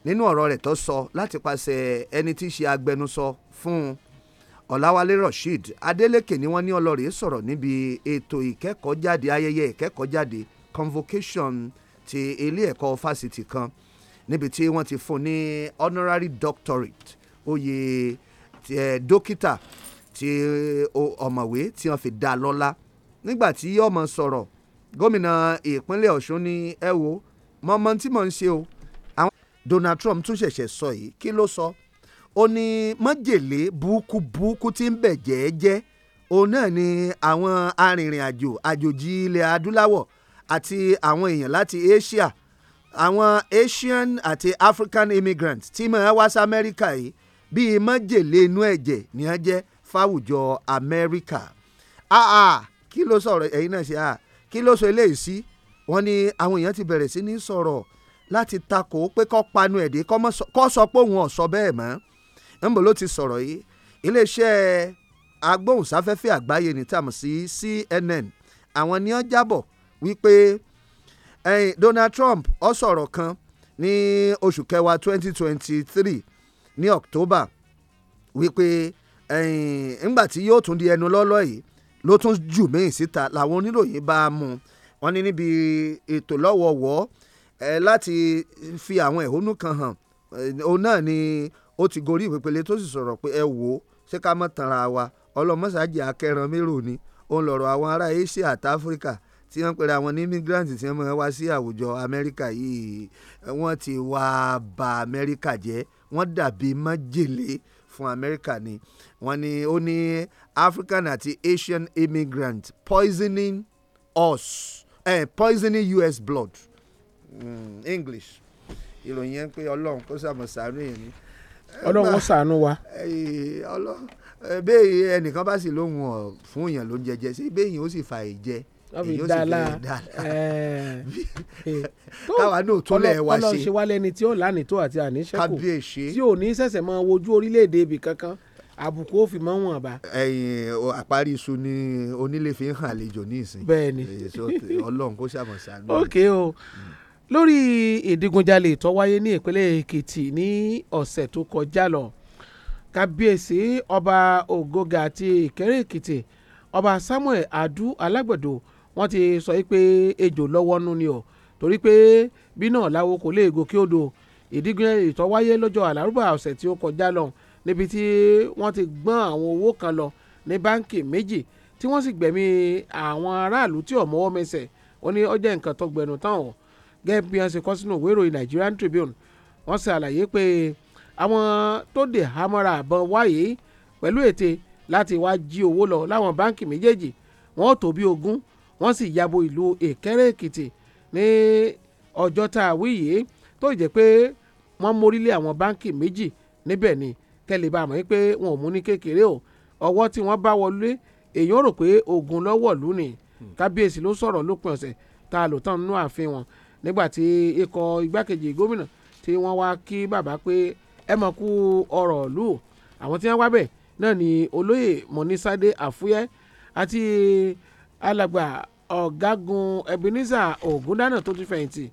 nínú ọ̀rọ̀ rẹ̀ tó sọ láti pàṣẹ ẹni tí í ṣe agbẹnusọ fún un ọ̀làwálé rasheed adeleke ni wọ́n ní ọlọ́rìí sọ̀rọ̀ níbi ètò ìkẹ́kọ̀ọ́jáde ayẹyẹ ìkẹ́kọ̀ọ́jáde convocation ti ilé ẹ̀kọ́ fásitì kan níbi tí wọ́n ti fún ní honorary doctorate oyè eh, dókítà ti ọ̀mọ̀wé tí wọ́n fi dá lọ́lá nígbà tí ọmọ sọ̀rọ̀ gómìnà ìpínlẹ̀ ọ̀ṣun ní ẹ wo mọ́mọ́ tí mò ń ṣe o àwọn Donald Trump tún ṣẹ̀ṣẹ̀ sọ yìí kí ló sọ so? ó ní májèlé burúkú burúkú tí ń bẹ̀ jẹ́ẹ́jẹ́ òun náà ni àwọn arìnrìn-àjò àjòjì ilẹ̀ adúláwọ̀ àti àwọn èèyàn láti Asia àwọn Asian àti African immigrants tí máa wá sí Amẹ́ríkà yìí bíi májèlé inú ẹ̀jẹ̀ ni wọ́n jẹ́ fáwùjọ Amẹ́ríkà aa kí ló sọ̀rọ̀ ẹ̀yin náà ṣe aa kí ló sọ eléyìí sí wọ́n ní àwọn èèyàn ti bẹ̀rẹ̀ sí ní sọ̀rọ̀ láti takò pé kó panu ẹ̀dẹ́ kó sọ pé òun ò sọ bẹ́ẹ̀ mọ́ ńbọ ló ti sọ̀rọ̀ yìí iléeṣẹ́ agbóhùnsáfẹ́fẹ́ àgbáyé ní tàmù sí CNN àwọn ni wọ́n jábọ̀ wípé Donald Trump ó sọ̀rọ̀ kan ní oṣù kẹwàá 2023 ní October wípé ńgbà tí yóò tún di ẹnu lọ́lọ́ yìí ló tún jù míì síta làwọn oníròyìn bá a mú wọn ní níbi ètò lọ́wọ́wọ́ láti fi àwọn ẹ̀hónú kan hàn òun náà ni ó ti gorí ìpèpele tó sì sọ̀rọ̀ pé ẹ wò ó ṣé ká mọ̀ tanra wa ọlọ́mọṣáájì akẹ́ran mérò ni òun lọ̀rọ̀ àwọn ará Asia àti Africa tí wọ́n pèrè àwọn ní immigrant tí wọ́n máa wá sí àwùjọ Amẹ́ríkà yìí wọ́n ti wá ba Amẹ́ríkà jẹ́ wọ́n dàbí májèlé fún Amẹ́ríkà ni wọ́n ní ó ní African àti Asian immigrant poisoning us eh, poisoning US blood mm, English ìròyìn yẹn pé Ọlọ́run kó sàmọ̀sánú èyí ni ọlọ́run ṣàánú wa. bẹ́ẹ̀ ẹnìkan bá sì lóhùn ọ̀ fún èèyàn ló ń jẹjẹ sí bẹ́ẹ̀ èèyàn ó sì fa ìjẹ èyí ó sì bẹ̀rẹ̀ dáadáa káwa náà tó lẹ̀ wá ṣe ọlọ́run ṣe wá lẹ́ni tí ó lánìí tó àti àníṣẹ́kù tí ò ní sẹ̀sẹ̀ máa wojú orílẹ̀-èdè ibì kankan àbùkù ó fi mọ́ wọn bá. ẹyin àparí iṣu ni onílé fi ń hàn àlejò ní ìsìn. bẹ́ẹ̀ni ọlọ́run kó ṣàmọ̀ṣà. ok o. Oh. Mm lórí ìdigunjalè tó wáyé ní ìpínlẹ̀ èkìtì ní ọ̀sẹ̀ tó kọjá lọ kábíyèsí ọba ògógà àti ìkẹrẹ èkìtì ọba samuel adu alágbẹ̀dọ̀ wọ́n ti sọ pé ejò lọ́wọ́ nú ni o torí pé bí náà láwo kò lè gòkè odò ìdigunjalè tó wáyé lọ́jọ́ àlárúbà ọ̀sẹ̀ tí ó kọjá lọ níbi tí wọ́n ti gbọ́n àwọn owó kan lọ ní báńkì méjì tí wọ́n sì gbẹ̀mí àwọn aráàlú tí ọ̀mọ́wọ́ mẹsẹ̀ ó ní nǹkan tó gbẹnu tán gẹ́gẹ́ bí wọ́n ṣe kọ́ sínú òwe ìròyìn Nigerian Tribune wọ́n ṣe àlàyé pé àwọn tó dè hámọ́ra àbọn wáyé pẹ̀lú ète láti wá jí owó lọ láwọn báǹkì méjèèjì wọ́n tó bí ogún wọ́n sì yabo ìlú Ìkẹ́rẹ́ Èkìtì ní ọjọ́ tá a wí yìí tó jẹ́ pé wọ́n mórílé àwọn báǹkì méjì níbẹ̀ ni kẹ́lẹ́ bá mọ̀ pé wọn ò mú ní kékeré o ọwọ́ tí wọ́n bá wọlé èèyàn rò pé ogun lọ́wọ́ lù ní hmm. kábíyèsí ló sọ̀rọ̀ lópin ọ̀sẹ̀ tá lò tán nínú ààfin wọn nígbàtí ikọ̀ igbákejì gómìnà tí wọ́n wá kí bàbá pé ẹ mọ̀ kú ọ̀rọ̀ lù ú àwọn tí wọ́n wá bẹ̀ náà ni olóyè mọ̀nísádé àfúyẹ́ àti alàgbà ọ̀gágun ebenezer ògúndànà tó ti fẹ̀yìntì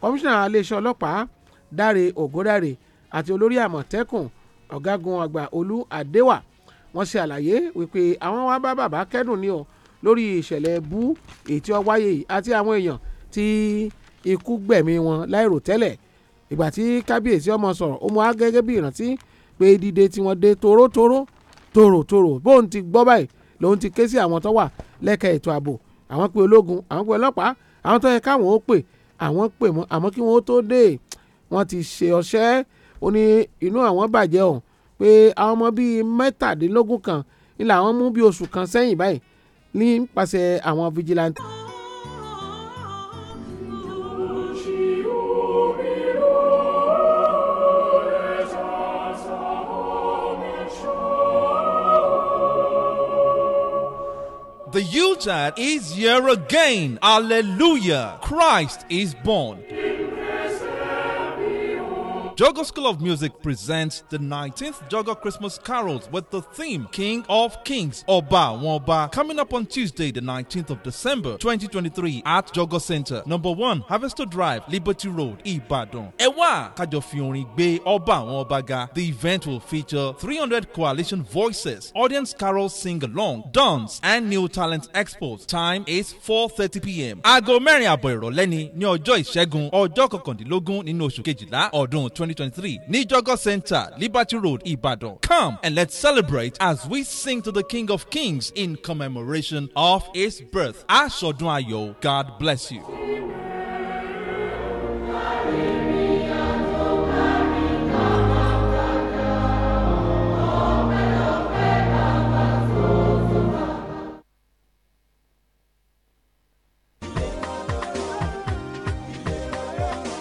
kọmíṣánná iléeṣẹ́ ọlọ́pàá dáre ògúndáre àti olórí àmọ̀tẹ́kùn ọ̀gágun àgbà olú àdéwà wọ́n ṣe àlàyé wípé àwọn wá bá bàbá kẹ́dùn ni o lórí ìṣẹ̀lẹ̀ bú ètí ọwáyé àti àwọn èèyàn tí. Ti ikú gbẹ̀mí wọn láìrò tẹ́lẹ̀ ìgbà tí kábíyèsí ọmọ sọ̀rọ̀ ó mú wá gẹ́gẹ́ bí ìrántí pé dídé tí wọ́n dé torótoró tòròtòrò bóun ti gbọ́ báyìí lòun ti ké sí àwọn tó wà lẹ́ka ètò ààbò àwọn pé ológun àwọn pé ọlọ́pàá àwọn tó yẹ káwọn ó pè àwọn pè mọ́ àmọ́ kí wọ́n tó dé wọ́n ti ṣe ọṣẹ́ ó ní inú àwọn bàjẹ́ ọ̀hún pé àwọn ọmọ bíi mẹ́tàdínlógún kan ni làwọn mú bí oṣù kan sẹ́yìn báyìí nípasẹ̀ àwọn vigilante. The Yuletide is here again. Hallelujah. Christ is born. Jogo School of Music presents the 19th Jogo Christmas Carols with the theme King of Kings, Oba Womba, coming up on Tuesday, the 19th of December 2023 at Jogo Center, number one, Harvester Drive, Liberty Road, Ibadan. Ewa Kajofiori Bay Oba Wombaga. The event will feature 300 coalition voices, audience carols, sing along, dance, and new talent expos. Time is 4:30 p.m. Ago mẹ́rin àbọ̀ ìrọ̀lẹ́ ni ní ọjọ́ or Jogo kọkàndínlógún nínú oṣù kejìlá ọdún 2023. 2023, Nijogo Center, Liberty Road, Ibadan. Come and let's celebrate as we sing to the King of Kings in commemoration of his birth. Ashodun Ayo, God bless you.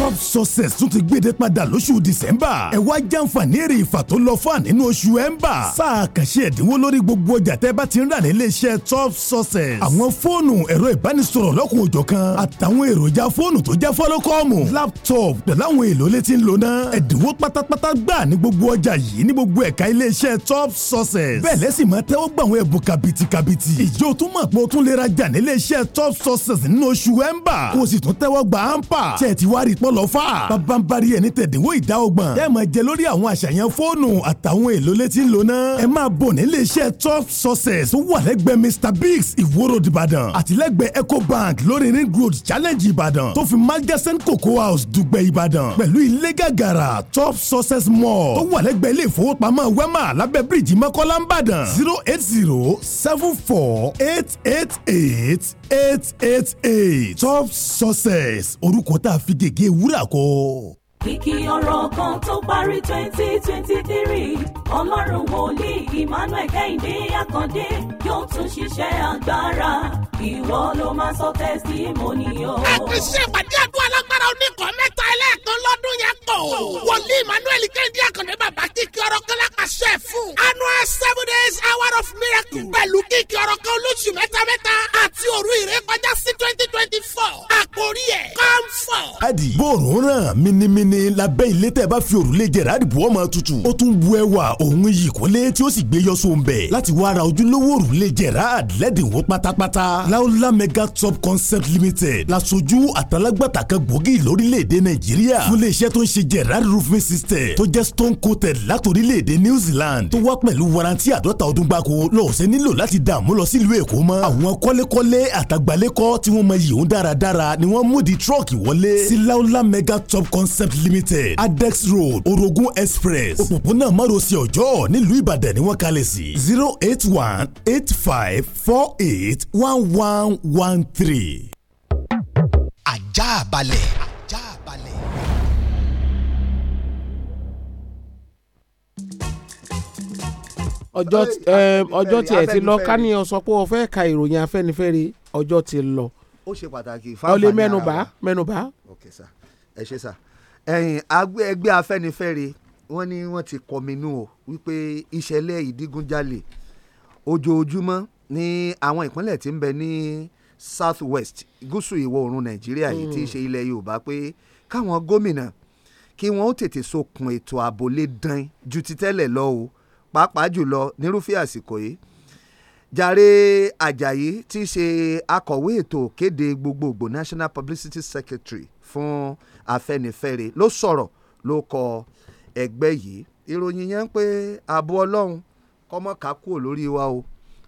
top success tún ti gbéde padà lóṣù december ẹ wá jàǹfààní èrè ìfà tó lọ fún ànínú oṣù ember sáà kàṣe ẹ̀dínwó lórí gbogbo ọjà tẹ́ bá ti ń rà nílé iṣẹ́ top success àwọn fóònù ẹ̀rọ ìbánisọ̀rọ̀ lọ́kùn òjọ̀ kan àtàwọn èròjà fóònù tó jẹ́ fọ́lọ́kọ́ọ̀mù laptop pẹ̀lú àwọn èlò létí ń lò náà ẹ̀dínwó pátápátá gbà ní gbogbo ọjà yìí ní gbogbo ẹ̀ka ilé top success bẹ́ẹ̀ lẹ́sìn máa tẹ́wọ́ gbà àwọn ẹ̀bùn kàbìtì kàbìtì ìjọ tún mọ̀ pé top success nínú oṣù ember kó o sì tún tẹ́wọ́ ampa tẹ̀ tí wá lọ́lọ́ fà. bàbá ń bari ẹni tẹ̀dínwó ìdá ọgbọ̀n. ẹ máa jẹ lórí àwọn àṣàyàn fóònù àtàwọn èlò létí lónà. ẹ máa bọ̀ nílé iṣẹ́ top success wà lẹ́gbẹ̀ẹ́ mr biggs ìwòrò ìbàdàn àtìlẹ́gbẹ̀ẹ́ ecobank lórí ring road challenge ìbàdàn tó fi margesson cocoa house dùgbẹ̀ ìbàdàn pẹ̀lú ilé gàgàrà top success mall tó wà lẹ́gbẹ̀ẹ́ ilé ìfowópamọ́ wema lábẹ́ bíríìjì mọ́kọ́lá ń orúkọ tá a fi gègé wúrà kọ. Kìkì ọ̀rọ̀ kan tó parí twenty twenty three ọlọ́run wòlíì Emmanuel Kẹ́hìndé Àkàndé yóò tún ṣiṣẹ́ agbára ìwọ ló máa sọ tẹ́símọ́nì o. àkànṣe ìpàdé àdúrà lágbára oníkan mẹ́ta ẹlẹ́ẹ̀kan lọ́dún yẹn pásítọ̀ wòlíì emmanuel kẹ́hìndé àkàndé bàbá kíkì ọ̀rọ̀ kan lápàṣẹ fún annual seven days hour of miracle pẹ̀lú kíkì ọ̀rọ̀ kan olóṣù mẹ́tamẹ́ta àti òru ìrékọjá sí twenty twenty four àkórí ẹ̀ come for adi bóòrùn ràn minimini lábẹ́ ilé tẹ́ ẹ bá fi òrùlé gerard bu ọmọ tutù ó tún bu ẹwà òun iyì kólé tí ó sì gbé yọ sóun bẹ̀ láti wá ra ojúlówó òrùlé gerard lẹ́dínwó pátápátá laola mega top concept limited lasojú àtàlágbàtà kan gbòógì lórílẹ̀‐èdè nàìjíríà fún iléeṣẹ́ tó ń ṣe ṣe gerard roofing system tó jẹ́ stone coated látòrílẹ̀-èdè new zealand tó wá pẹ̀lú warranty àdọ́ta ọdún gbáko lọ́wọ́ ṣe nílò láti dààmú lọ sílùú èkó mọ́ àwọn kọ́lékọ́lé àtàgbálẹ́kọ́ tí wọ́n mọ yìí ń dáradára ni wọ́n mú di truck wọlé sí laola mega top concept limited adex road orogun express òpópónà márosẹ̀ ọjọ́ nílùú ìbàdàn ni wọ́n kalẹ̀ sí zero eight one eight five four eight one one one three. ajá balẹ̀. ọjọ́ eh, ọjọ́ tí ẹ ti lọ ká ní ọ sọ pé o fẹ́ ka ìròyìn afẹ́nifẹ́re ọjọ́ ti lọ. ó ṣe pàtàkì fáwọn ọlẹ mẹ́nubà mẹ́nubà. sir ẹ ṣe sir ẹyin ẹgbẹ́ afẹ́nifẹ́re wọ́n ní wọ́n ti kọminú o wípé ìṣẹ̀lẹ̀ ìdígunjalè ojoojúmọ́ ní àwọn ìpínlẹ̀ tí ń bẹ ní south west gúúsù ìwọ̀ oòrùn nàìjíríà yìí tí í hmm. ṣe ilẹ̀ yorùbá pé káwọn gómìnà kí wọ́n ó tètè sokùn ètò ààbò dán ju ti tẹ́lẹ̀ lọ o pàápàá jùlọ nírúfẹ́ àsìkò yìí jàre ajayi tí í ṣe akọ̀wé ètò kéde gbogbogbò national publicity secretary fún afẹ́nifẹ́re ló sọ̀rọ̀ ló kọ ẹgbẹ́ yìí ìròyìn yẹn ń pé ààbò ọlọ́run kọ́mọ́ká kúrò lórí wa o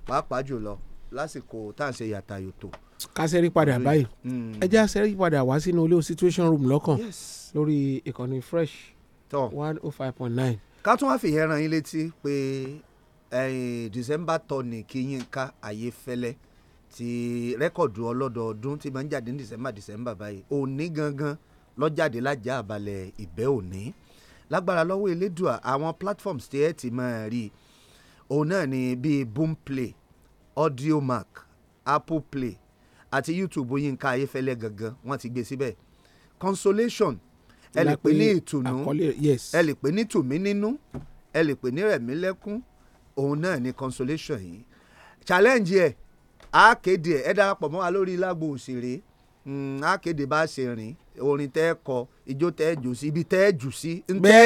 pàápàá jùlọ lásìkò tá à ń ṣe yàtà yòtò. ká ṣẹ́rí padà báyìí hmm. ẹ jẹ́ àṣẹ́rí padà wá sínú olóò situation room lọ́kàn lórí ìkànnì fresh one oh five point nine ká tún wá fìyẹn ràn yín létí pé December tonic Yínká Ayéfẹ́lẹ́ ti rẹ́kọ̀dù ọlọ́dọọdún tí máa ń jáde ní December December báyìí òní gangan lọ́jáde lájà àbálẹ̀ ìbẹ́ òní lágbára lọ́wọ́ elédùà àwọn platforms tí ẹ ti máa rí i òun náà ni bíi boomplay audiomack apple play àti youtube Yínká Ayéfẹ́lẹ́ gangan wọ́n ti gbé síbẹ̀ consolation ẹ lè pè ní ìtùnú ẹ lè pè ní tùmí nínú ẹ lè pè ní rẹ̀mí lẹ́kún òun náà ni consolation yìí challenge ẹ̀ á kéde ẹ darapọ̀ mọ́ wa lórí lágbo òṣèré á hmm, bá ṣe rìn orin tẹ́ ẹ kọ ijó tẹ́ ẹ jù sí ibi tẹ́ ẹ jù sí